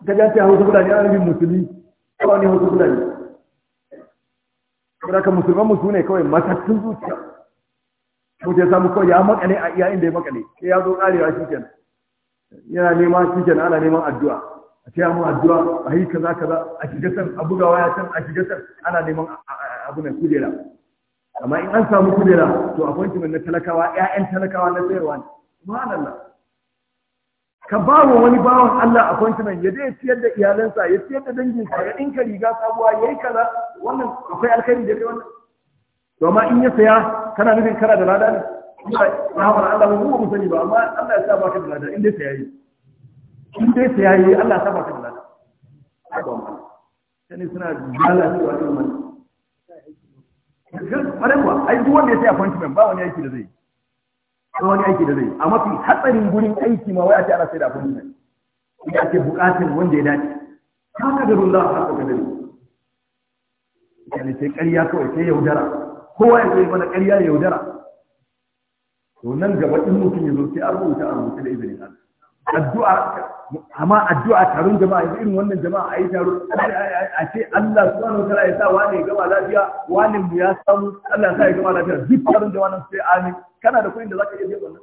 ka ga sai Hausa bulani an bi musulmi ba ne Hausa bulani saboda musulman musu ne kawai matattun zuciya ko ta samu kawai ya makale a iya inda ya makale ke ya zo karewa shi kenan yana neman shi kenan ana neman addu'a a ce mu addu'a a yi kaza kaza a shiga san a buga san a shiga san ana neman abu mai kujera amma in an samu kujera to a mai na talakawa ƴaƴan talakawa na sayarwa ne subhanallah ka ba wa wani bawan Allah a appointment ya je ciyar da iyalansa ya ciyar da danginsa ya ɗinka riga sabuwa ya yi kaza wannan akwai alkhairi da wannan domin in ya saya kana nufin kana da lada ne na haɓar Allah mu mu sani ba amma Allah ya sa baka da lada in dai saya yi in dai saya yi Allah ya sa baka da lada sani suna lalacewa irin wannan. Ƙwarewa, ai duk wanda ya sai appointment ba wani aiki da zai yi. ko wani aiki da zai a mafi hatsarin gurin aiki ma wai a ce ana sai da abin nan ya ake bukatar wanda ya dace ta kadarun za a haka kadarun yana sai ƙarya kawai sai yaudara kowa ya zai mana ƙarya yaudara to nan gaba in mutum ya zo sai an rubuta a rubuta da izinin addu'a amma addu'a taron jama'a yanzu irin wannan jama'a a yi taro a ce Allah subhanahu wataala ya sa wani ya gama lafiya wani mu ya samu Allah sai ya gama lafiya duk taron jama'a nan sai amin kana da kuɗin da zaka iya biyan wannan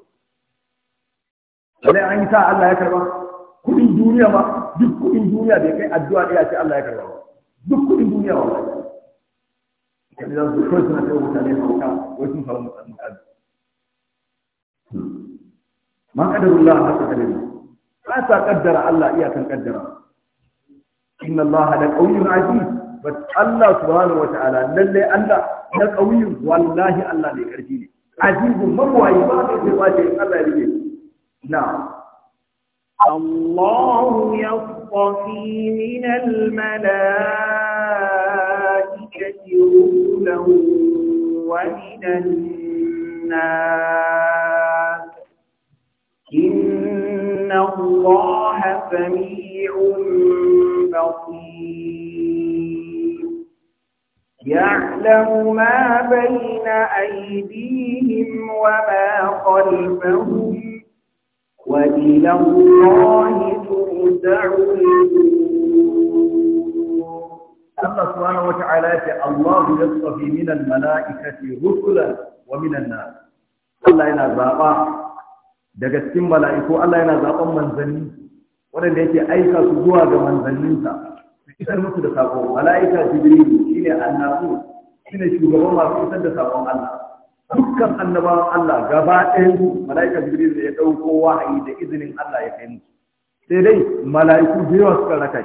sai an yi sa Allah ya karba kuɗin duniya ma duk kuɗin duniya bai kai addu'a ɗaya ce Allah ya karba duk kuɗin duniya ba kan da su kawai suna kai mutane ka wai sun samu mutane hmm. ma kadarullah haka kadari ba sa kaddara Allah iyakan kaddara inna Allah la qawiyyun aziz but Allah subhanahu wataala lalle Allah la qawiyyun wallahi Allah ne karfi ne azizun mabwayi ba ka ce wace Allah ne na الله يصطفي من الملائكة رسلا ومن الناس إن الله سميع بصير يعلم ما بين أيديهم وما خلفهم وإلى الله ترجع الله سبحانه وتعالى الله يصطفي من الملائكة رسلا ومن الناس الله إلى daga cikin mala'iku Allah yana zaɓen manzanni waɗanda yake aika su zuwa ga manzanninsa su isar musu da saƙo mala'ika jibrilu shine annabi shine shugaban masu isar da saƙon Allah dukkan annabawan Allah gaba ɗayan su mala'ika jibrilu ya ɗauko wahayi da izinin Allah ya kai musu sai dai mala'iku da yawa suka raka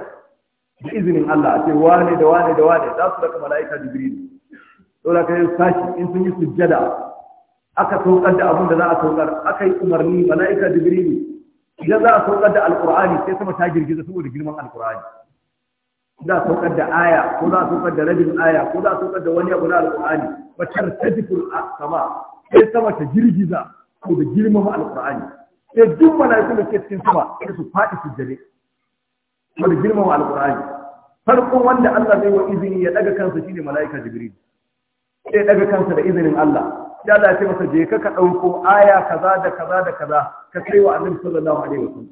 da izinin Allah sai wane da wane da wane za su raka mala'ika jibrilu saboda kai sashi in sun yi sujjada aka saukar da abin da za a saukar aka yi umarni mala'ika jibrilu idan za a saukar da alqur'ani sai sama ta girgiza saboda girman alqur'ani za a saukar da aya ko za a saukar da rabin aya ko za a saukar da wani abu na alqur'ani wa tartajiful sama sai sama ta girgiza saboda girman alqur'ani sai duk mala'ikun da ke cikin sama sai su faɗi su jare saboda girman alqur'ani farkon wanda Allah zai wa izini ya daga kansa shine mala'ika jibril sai daga kansa da izinin Allah sai ya ce masa je ka ka dauko aya kaza da kaza da kaza ka kai wa annabi sallallahu alaihi wasallam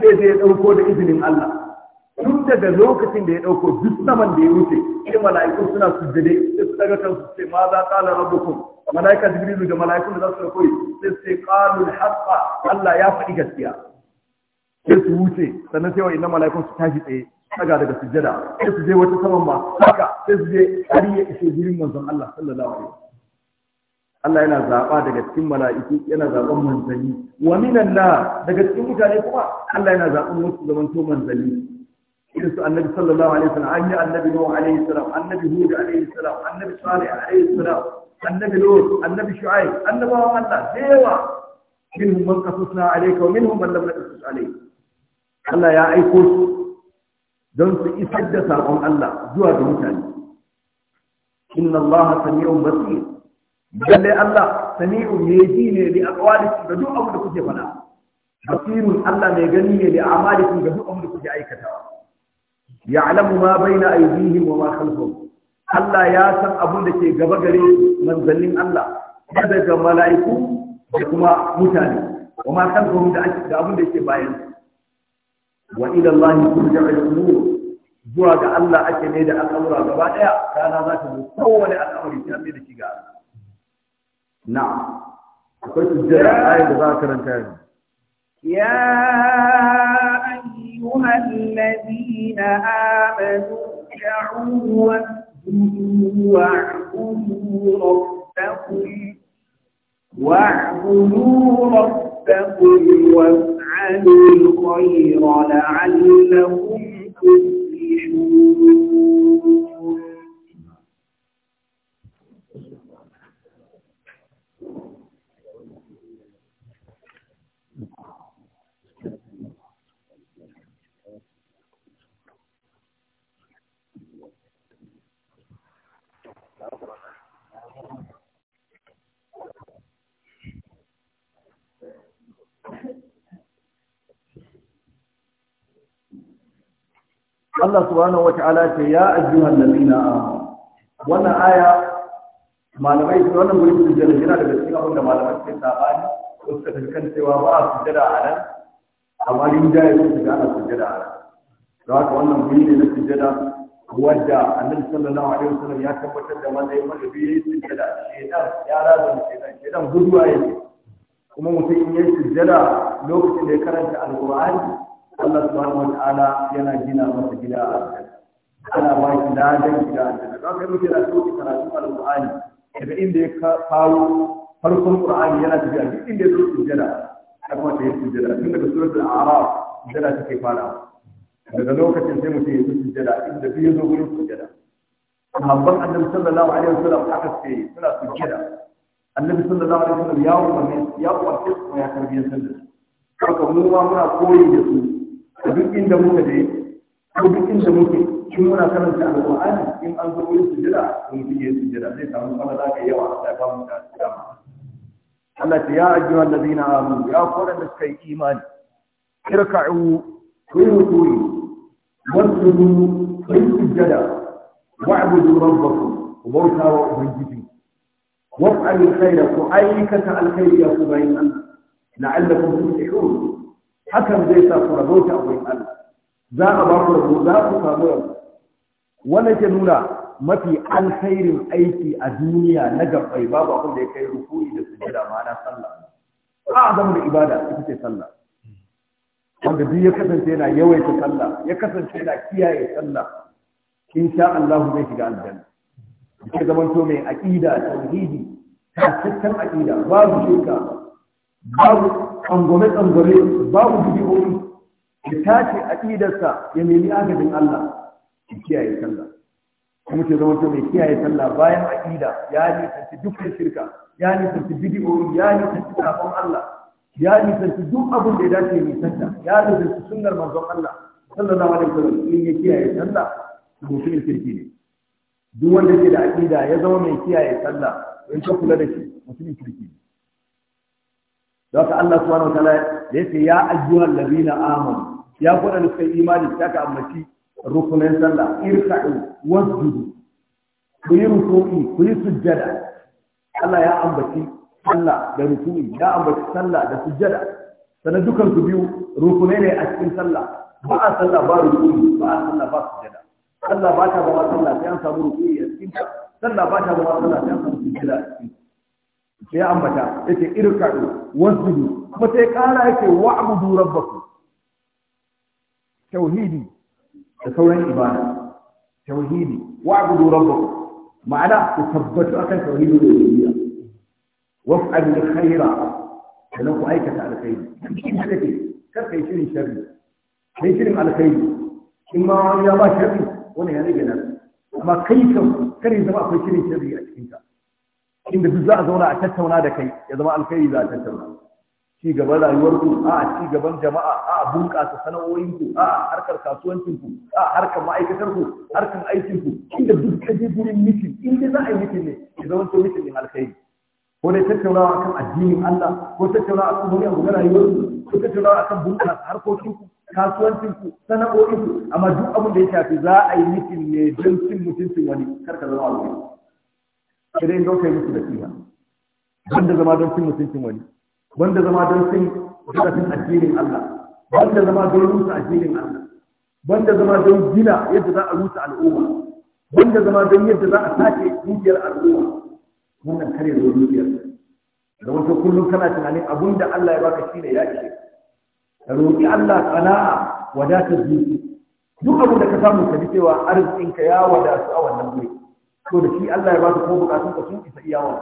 sai zai ɗauko da izinin Allah duk daga lokacin da ya ɗauko duk saman da ya wuce sai mala'iku suna sujjade sai su daga kansu sai ma za qala rabbukum mala'ika jibrilu da mala'ikun da za su koyi sai sai qalu al-haqqa Allah ya faɗi gaskiya sai su wuce sannan sai wa'annan mala'ikun su tashi tsaye daga daga sujjada sai su je wata saman ma haka sai su je har ya ishe jirin manzon Allah sallallahu alaihi wasallam Allah yana zaɓa daga cikin mala'iku yana zaɓan manzanni wa minan na daga cikin mutane kuma Allah yana zaɓan wasu zaman to manzanni irin su annabi sallallahu alaihi wasallam annabi annabi nuhu alaihi salam annabi hud alaihi salam annabi salih alaihi salam annabi lut annabi shu'aib annabawan Allah da yawa minhum man qasasna alayka wa minhum man lam naqsus alayka Allah ya aiko su don su isar da saƙon Allah zuwa ga mutane inna Allah sami'un basir lallai Allah sami'u ne ji ne bi aqwali da duk abu da kuke faɗa basirun Allah mai gani ne da amalikum da duk abu da kuke aikatawa ya'lamu ma baina aydihim wa ma khalfahum Allah ya san abin da ke gaba gare manzannin Allah daga mala'iku da kuma mutane wa ma khalfahum da abin da ke bayan wa ila Allah al umur zuwa ga Allah ake ne da al'amura gaba daya kana za ta zo kowane al'amari ta mai da shiga. نعم قلت الجزء الآية اللي ذاكر أنت يا أيها الذين آمنوا ارجعوا واعبدوا ربكم واعبدوا ربكم وافعلوا الخير لعلكم تفلحون Allah subhanahu wata'ala ce ya ayyuhan ladina amanu wannan aya malamai su wannan gurin sujjada yana daga cikin abin da malamai suke sabani ko suka tafi kan cewa ba a sujjada a nan amma rin jaye su shiga ana sujjada a nan Da haka wannan guri ne na sujjada wadda annabi sallallahu alaihi wasallam ya tabbatar da mazai wanda biyu yayi sujjada shedan ya razana shedan shedan guduwa ya ce. kuma mutum in yayi sujjada lokacin da ya karanta alqur'ani Allah subhanahu wata'ala yana gina masa gida a ana ba shi ladan gida a cikin ka kai muke da sauki karatu al-qur'ani daga inda ya kawo farkon qur'ani yana tafiya duk inda ya zo sujjada ya kuma ta yi sujjada tun daga suratul a'raf sujjada take fara daga lokacin sai mutum ya yi sujjada inda bai zo gurin sujjada sahabban annabi sallallahu alaihi wasallam haka sai suna sujjada annabi sallallahu alaihi wasallam ya umarni ya umarce ya tarbiyyar da su haka mu ma muna koyi da su a duk inda muka je ko duk inda muke in muna karanta alƙur'ani in an zo wurin sujjada in mutum ya sujjada zai samu falala da yawa da ba mu da dama Allah ya ajiya allazina amanu ya kora da suka yi imani irka'u ku wasu rukuyi wasjudu ku yi sujjada wa'budu rabbakum ku bauta wa ubangiji waf'alu khayra ku aikata alkhairi ya ku bayin Allah la'allakum tuflihun hakan zai sa ku rabauta a wurin Allah za a ba ku rabo za ku samu rabo wannan ke nuna mafi alkhairin aiki a duniya na gabbai babu abin da ya kai rukuni da sujjada ma'ana sallah ba a zama da ibada ita ce sallah wanda duk ya kasance yana yawaita sallah ya kasance yana kiyaye sallah insha Allah zai shiga aljanna ke zamanto mai aqida tauhidi ta cikin aqida babu shirka babu tsangwame-tsangwame babu bidiyoyi ya tashi aƙidarsa ya nemi agajin Allah ya kiyaye sallah kuma ce zama mai kiyaye sallah bayan aƙida ya nisanci dukkan shirka ya nisanci bidiyoyi ya nisanci sabon Allah ya nisanci duk abin da ya dace ya nisanta ya nisanci sunnar manzon Allah sallallahu alaihi wasallam in ya kiyaye sallah mutumin kirki ne duk wanda ke da aƙida ya zama mai kiyaye sallah in ka kula da shi mutumin kirki ne don haka Allah subhanahu wataala da yace ya ayyuhal ladina amanu ya kuɗa da suka yi imani ta ka ambaci rukunin sallah irka'u wasjudu ku yi ruku'i ku yi sujjada Allah ya ambaci sallah da ruku'i ya ambaci sallah da sujjada sannan dukan su biyu rukunai ne a cikin sallah ba a sallah ba ruku'i ba a sallah ba sujjada sallah ba ta zama sallah sai an samu ruku'i a cikin sallah ba ta zama sallah sai an samu sujjada a cikin sai ambata yace irkadu wasjudu kuma sai kara yake wa'budu rabbakum tauhidi da sauran ibada tauhidi wa'budu rabbakum ma'ana ku tabbatu akan tauhidi da ibada waf'alu khaira sannan ku aikata alkhairi in haka ce kar kai shirin sharri kai shirin alkhairi in ma ya ba sharri wani ya rage nan amma kai kan kar zama akwai shirin sharri a cikin ka inda duk za a zauna a tattauna da kai ya zama alkhairi za a tattauna ci gaban rayuwarku a ci gaban jama'a a bunƙasa sana'o'inku a harkar kasuwancinku a harkar ma'aikatar ku, harkar aikinku inda duk ka je gurin mitin inda za a yi mitin ne ya zama to mitin ne alkhairi ko dai tattaunawa akan addinin Allah ko tattaunawa akan wani abu rayuwar rayuwarku ko tattaunawa akan bunƙasa harkokinku kasuwancinku sana'o'inku amma duk abin da ya shafi za a yi mitin ne don cin mutuncin wani kar ka zama alkhairi sai dai zo musu musu siya banda zama don cin mutuncin wani banda zama don cin zarafin addinin Allah banda zama don rusa addinin Allah banda zama don gina yadda za a rusa al'umma banda zama don yadda za a sace dukiyar al'umma wannan kare zuwa dukiyar da wata kullum kana tunanin abun da Allah ya baka shine ya ce ka roƙi Allah tsana'a wadatar zuci duk abin da ka samu ka ji cewa arzikinka ya wadatu a wannan wuri to da shi Allah ya baka ko bukatun ka sun isa iyawa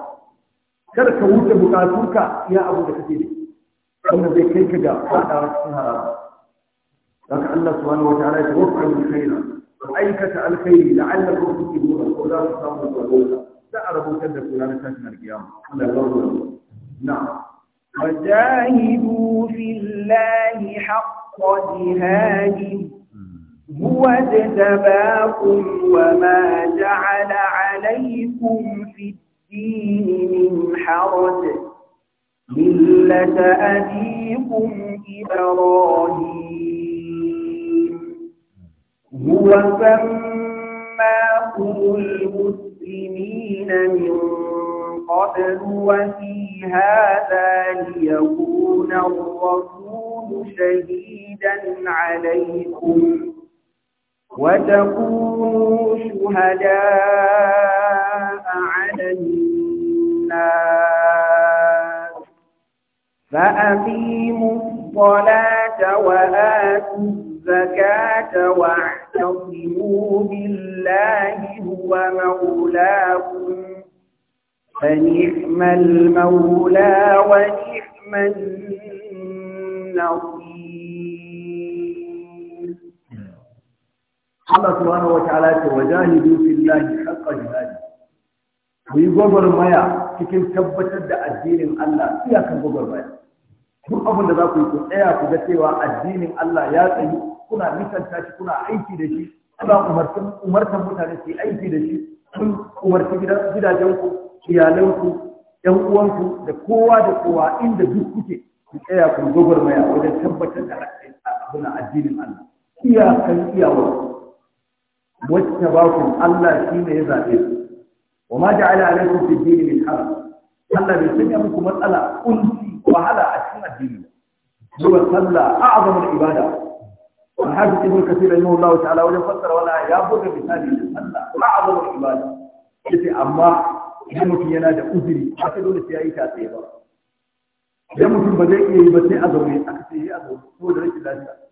kada ka wuce bukatun ka iya abu da kake da wannan zai kai ka ga fadawa cikin haramu haka Allah subhanahu wataala ya tawaffa bil khaira wa aikata al khairi la'allakum tuflihuna ko za ku samu rabota za a rubutar da kula na tashin alkiyama Allah ya rabu na'am وجاهدوا في الله حق جهاده هو اجتباكم وما جعل عليكم في الدين من حرج ملة أبيكم إبراهيم هو سماكم المسلمين من قبل وفي هذا ليكون الرسول شهيدا عليكم وتكونوا شهداء على الناس فأقيموا الصلاة وآتوا الزكاة واعتصموا بالله هو مولاكم فنعم المولى ونعم النصر Allah subhanahu wa ta'ala ce wajahidu fillahi haqqa jihadi ku yi gwagwarmaya cikin tabbatar da addinin Allah iyakan gwagwarmaya duk abin da za ku yi ku tsaya ku ga cewa addinin Allah ya tsayi kuna nisanta shi kuna aiki da shi kuna umartan mutane su yi aiki da shi kun umarci gidajenku iyalanku yan uwanku da kowa da kowa inda duk kuke ku tsaya ku gwagwarmaya wajen tabbatar da addinin Allah iyakan iyawar wacce ba ku Allah shi ne ya zaɓe ku wa ma ja'ala alaikum fi dini min haraj Allah bai sanya muku matsala kunci wahala a cikin addini zuwa sallah a'zamul ibada wa hadith ibn kathir rahimahullah ta'ala wajen fassara wala ya buga misali da a a'zamul ibada yace amma idan mutum yana da uzuri ba sai dole sai ya yi ta tsaye ba idan mutum ba zai iya yi ba sai a zaune aka ce yi a zaune da rashin lafiya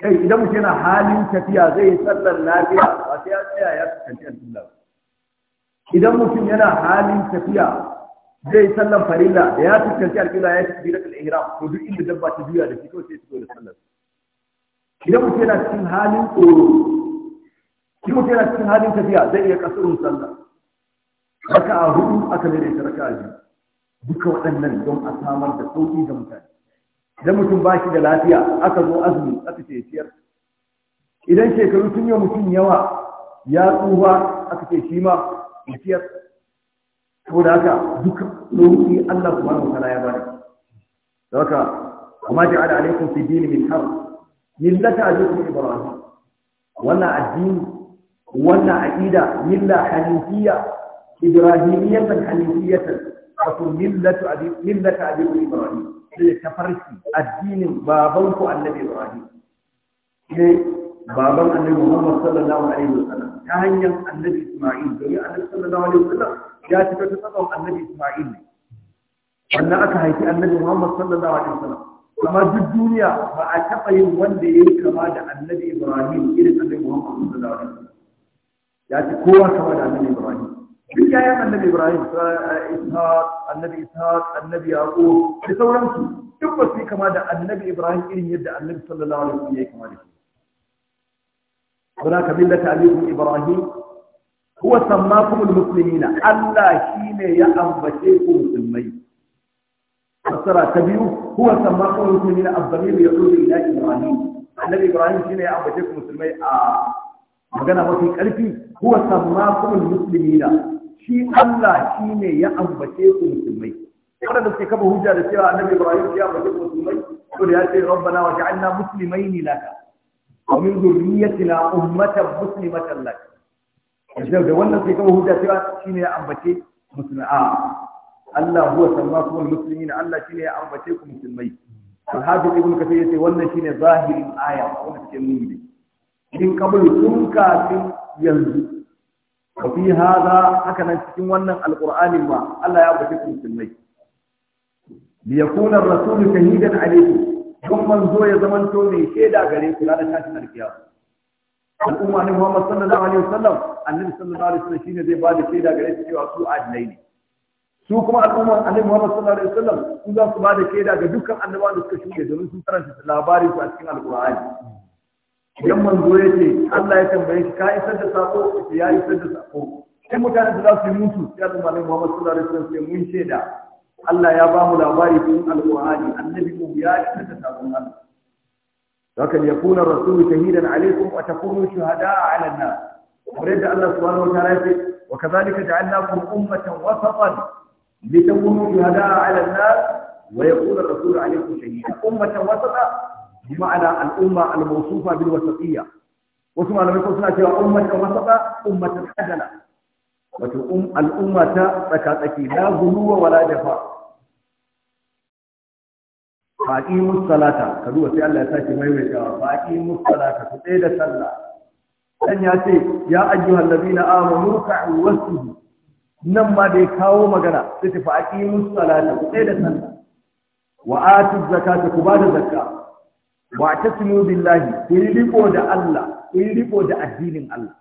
kai idan mutum yana halin tafiya zai yi sallar lafiya ba sai ya tsaya ya fuskanci alƙibla idan mutum yana halin tafiya zai yi sallar farilla da ya fuskanci alƙibla ya tafi da ihram to duk inda dabba ta juya da shi kawai sai fito da sallar idan mutum yana cikin halin tsoro shi mutum yana cikin halin tafiya zai iya kasurun sallah raka'a hudu aka mai da ita raka'a biyu duka waɗannan don a samar da sauƙi ga mutane idan mutum ba shi da lafiya aka zo azumi aka ce ciyar idan shekaru sun yi mutum yawa ya tsufa aka ce shi ma ya Ko da haka duk lokaci Allah subhanahu wa ta'ala ya bada saka amma ja'ala alaikum fi dini min har millata abikum ibrahim wannan addini wannan aqida milla hanifiyya ibrahimiyyatan hanifiyyatan wato millatu abikum millata abikum ibrahim da tafarki addinin baban ku annabi Ibrahim ne baban annabi Muhammad sallallahu alaihi wasallam ta hanyar annabi Isma'il domin annabi sallallahu alaihi wasallam ya cika ta tsawon annabi Isma'il ne wannan aka haifi annabi Muhammad sallallahu alaihi wasallam amma duk duniya ba a taɓa yin wanda ya yi kama da annabi Ibrahim irin annabi Muhammad sallallahu alaihi wasallam ya ci kowa kama da annabi Ibrahim duk yayan annabi Ibrahim uh, Ishaq annabi Ishaq, annabi Yaqo, da sauransu duk ba kama da annabi Ibrahim irin yadda annabi sallallahu alaihi wasallam ya kama da shi. Wala ka Ibrahim huwa sammakum al Allah shi ne ya ambace ku musulmai. Fasara ta biyu huwa sammakum al-muslimin abdalil ya tudu Ibrahim. Annabi Ibrahim shi ne ya ambace ku musulmai a magana mafi karfi huwa sammakum al shi Allah shi ne ya ambace ku musulmai waɗanda suke kafa hujja da cewa annabi Ibrahim ya ambace ku musulmai to da ya ce rabbana wa ja'alna muslimaini laka wa min dhurriyyatina ummatan muslimatan laka da da wannan sai kawo hujja cewa ne ya ambace musulmai Allah huwa sammakum almuslimin Allah shi ne ya ambace ku musulmai Al-Hafiz Ibn Kathir yace wannan shine zahirin aya wannan take nuni ne in kabul tun kafin yanzu wa fi hadha haka nan cikin wannan alqur'anin ma Allah ya bace ku sunnai li yakuna ar-rasul shahidan alaykum don manzo ya zamanto mai shaida gare ku da tashin alkiyama al'umma ne Muhammad sallallahu alaihi wasallam annabi sallallahu alaihi wasallam shine zai bada shaida gare su cewa su adilai ne su kuma al'umma annabi Muhammad sallallahu alaihi wasallam su za su bada shaida ga dukkan annabawan da suka shuke domin sun karanta labarin su a cikin alqur'ani idan manzo ya ce Allah ya tambaye shi ka isar da sako ya isar da sako sai mutane da za su yi mutu sai Allah malai Muhammad sallallahu alaihi wasallam sai mun shaida Allah ya ba mu labari cikin alqur'ani annabi mu ya isar da sakon Allah haka ne yakuna rasulu shahidan alaikum wa takunu shuhada'a 'ala an-nas kamar yadda Allah subhanahu wa ta'ala ya ce wa kadhalika ja'alnakum ummatan wasatan litakunu shuhada'a 'ala an-nas wa yakuna rasulu alaikum shahidan ummatan wasatan بمعنى الأمة الموصوفة بالوسطية وثم لم يكن هناك أمة وسطة أمة عدلة وتؤم الأمة تكاتكي لا غلو ولا جفاء فأقيموا الصلاة كذو سي الله يساكي ما يوجه فأقيموا الصلاة تقيد صلاة أن يأتي يا أيها الذين آمنوا ركعوا واسجدوا نما دي كاو مغنا سيتي فأقيموا الصلاة تقيد صلاة وآتوا الزكاة كبار الزكاة wa tasmu billahi ku yi riko da Allah ku yi riko da addinin Allah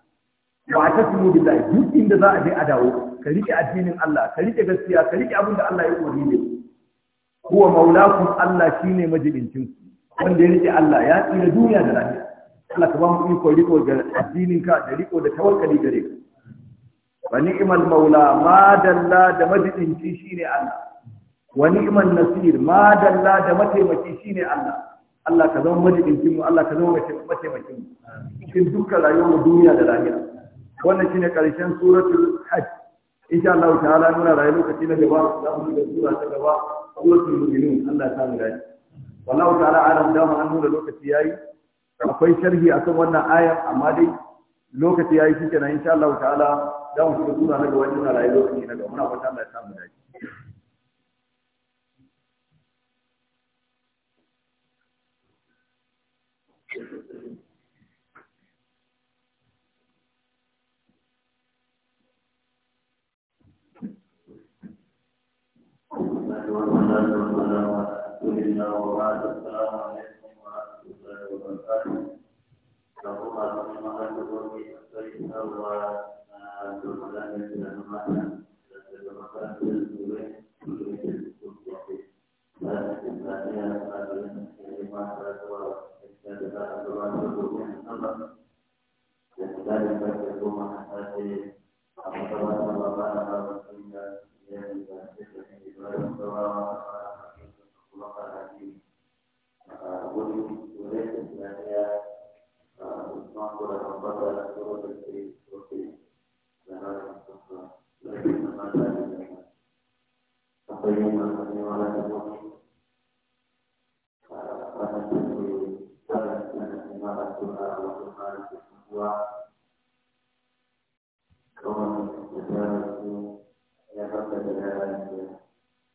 wa tasmu billahi duk inda za a je a dawo ka rike addinin Allah ka rike gaskiya ka rike abin da Allah ya kori ne kuwa maulakun Allah shine majibincin wanda ya rike Allah ya tsira duniya da lafiya Allah ka ba mu iko riko da addinin ka da riko da tawakkali gare ka wa ni'mal maula ma dalla da shi shine Allah wa ni'mal nasir ma dalla da mataimaki shine Allah Allah ka zama majibincin mu Allah ka zama mataimakin mu cikin dukkan rayuwar mu duniya da lahira wannan shine karshen suratul hajj insha Allah ta'ala muna rayu lokaci na gaba za mu da sura ta gaba suratul mu'minun Allah ta mu dace wallahu ta'ala alam da mu an da lokaci yayi akwai sharhi akan wannan aya amma dai lokaci yayi shikenan insha Allah ta'ala za mu shiga sura na gaba muna rayu lokaci na gaba muna fata Allah ya samu dace na Thank you. Thank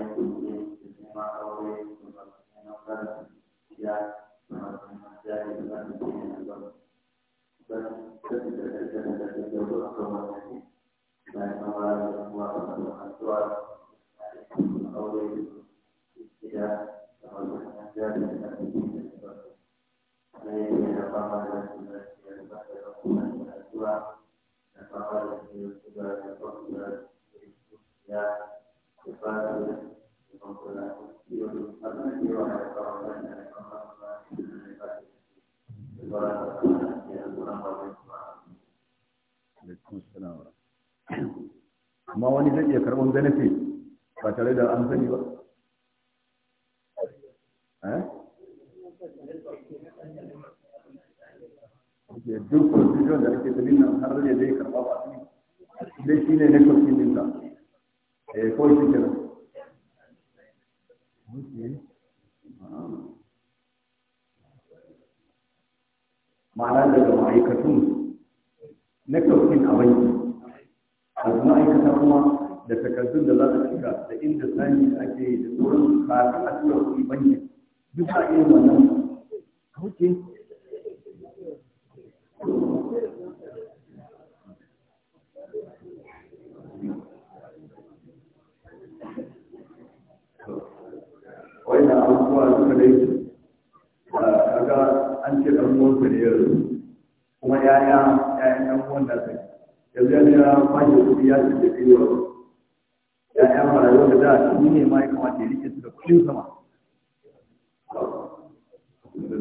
Thank you.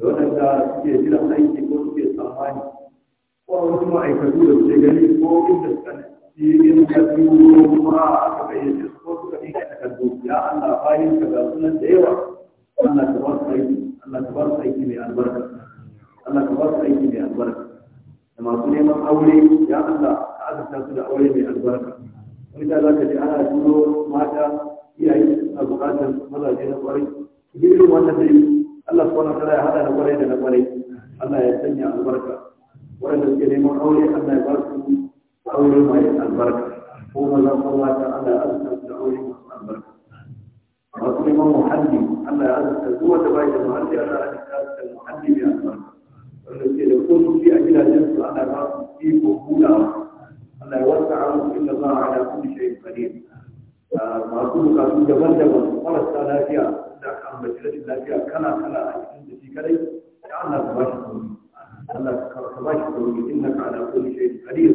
da waɗanda suke jiran aiki ko suke tsammani ko wasu ma'aikatu da suke gani ko inda suka yi yin kaddu ko kuma aka bayyana su ko suka yi da kaddu ya Allah bayan ka ga sunan da yawa Allah ka ba su aiki Allah ka ba su aiki mai albarka Allah ka ba su aiki mai albarka da masu neman aure ya Allah ka azurta su da aure mai albarka wani ta za ka ji ana turo mata iyaye a bukatar mazaje na kwarai irin wannan da yi Allah subhanahu wataala ya hada na kwarai da na kwarai Allah ya sanya albarka wanda suke neman aure Allah ya barka aure mai albarka ko maza ko mata Allah ya azurta da aure masu albarka masu neman muhalli Allah ya azurta duk wanda bai da muhalli Allah ya azurta da muhalli mai albarka wanda suke da kotoci a gidajen su Allah ya ba su iko hulawa Allah ya wasa a musu inda za a hada kulli shayin qadir masu bukatu daban-daban marasa lafiya da aka ambaci rashin lafiya kala kala a cikin da shi kadai ya Allah ka bashi sauri Allah ka bashi sauri innaka ala kulli shay'in qadir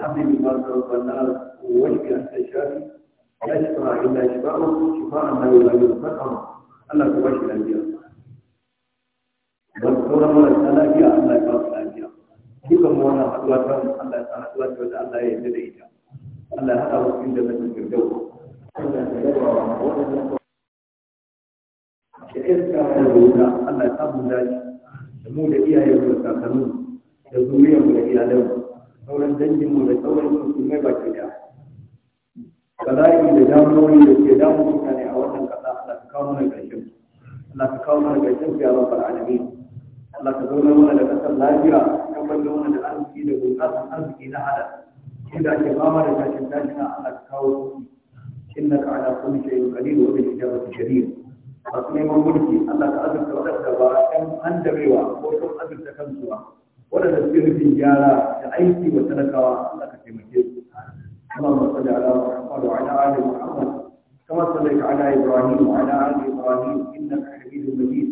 habibi ma sarfanna wa wajhi anta shafi la shifa illa shifa'u shifa'an la yughadiru saqama Allah ka bashi lafiya dan sauran marasa lafiya Allah ya ba su lafiya dukan wannan haduwa ta Allah ya sa haduwa ta wanda Allah ya yarda da ita Allah ya haɗa wasu inda na cikin gaba. da iska da wuta Allah ya samu dace da mu da iyayen mu da kakannin da zuriyar mu da iyalan mu sauran dangin mu da sauran musulmai baki daya bala'i da damuwoyi da ke damu mutane a wannan kasa Allah ka kawo mana ƙarshen Allah ka kawo mana ƙarshen ya rabbal alamin Allah ka zauna mana da kasar lafiya ka bayyana mana da arziki da bunƙasar arziki na halal inda ke fama da tashin tashin Allah ka kawo innaka ala kulli shay'in qadir wa bil ijabati jadir masu neman mulki Allah ta azurta waɗanda ba ɗan handarewa ko sun azurta kansu ba waɗanda suke nufin gyara da aiki wa talakawa Allah ka taimake su. Kuma masu da ala faru ala ala Muhammad kama sallai ka ala Ibrahim wa ala ala Ibrahim inna ka hamidu majid.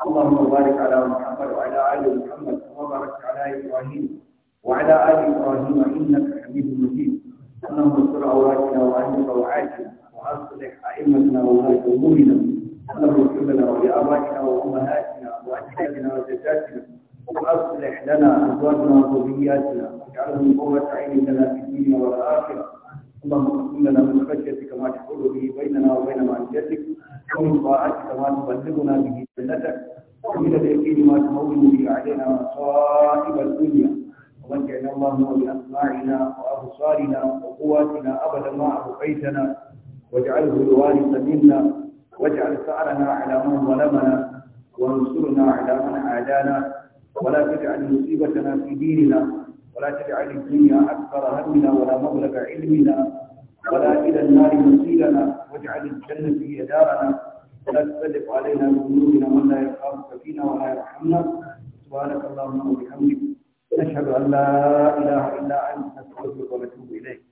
Allahumma barik ala Muhammad wa ala ala Muhammad kama barik ala Ibrahim wa ala ala Ibrahim inna ka hamidu majid. Allahumma sura awaki wa ahli fawaki wa asli a'immatina wa ahli umurina. اللهم اغفر لنا ولآبائنا وأمهاتنا وأجدادنا وجداتنا وأصلح لنا أزواجنا وذرياتنا واجعلهم قوة عين لنا في الدنيا والآخرة اللهم اقسم لنا من خشيتك ما تحول به بيننا وبين معصيتك ومن طاعتك ما تبلغنا به جنتك ومن اليقين ما تهون به علينا مصائب الدنيا ومتعنا اللهم بأسماعنا وأبصارنا وقواتنا أبدا ما أبقيتنا واجعله الوارث منا واجعل ثأرنا على من ظلمنا وانصرنا على من عادانا ولا تجعل مصيبتنا في ديننا ولا تجعل الدنيا أكبر همنا ولا مبلغ علمنا ولا إلى النار مصيرنا واجعل الجنة هي دارنا ولا تسلط علينا بذنوبنا من لا يخافك فينا ولا يرحمنا سبحانك اللهم وبحمدك نشهد أن لا إله إلا أنت نستغفرك ونتوب إليك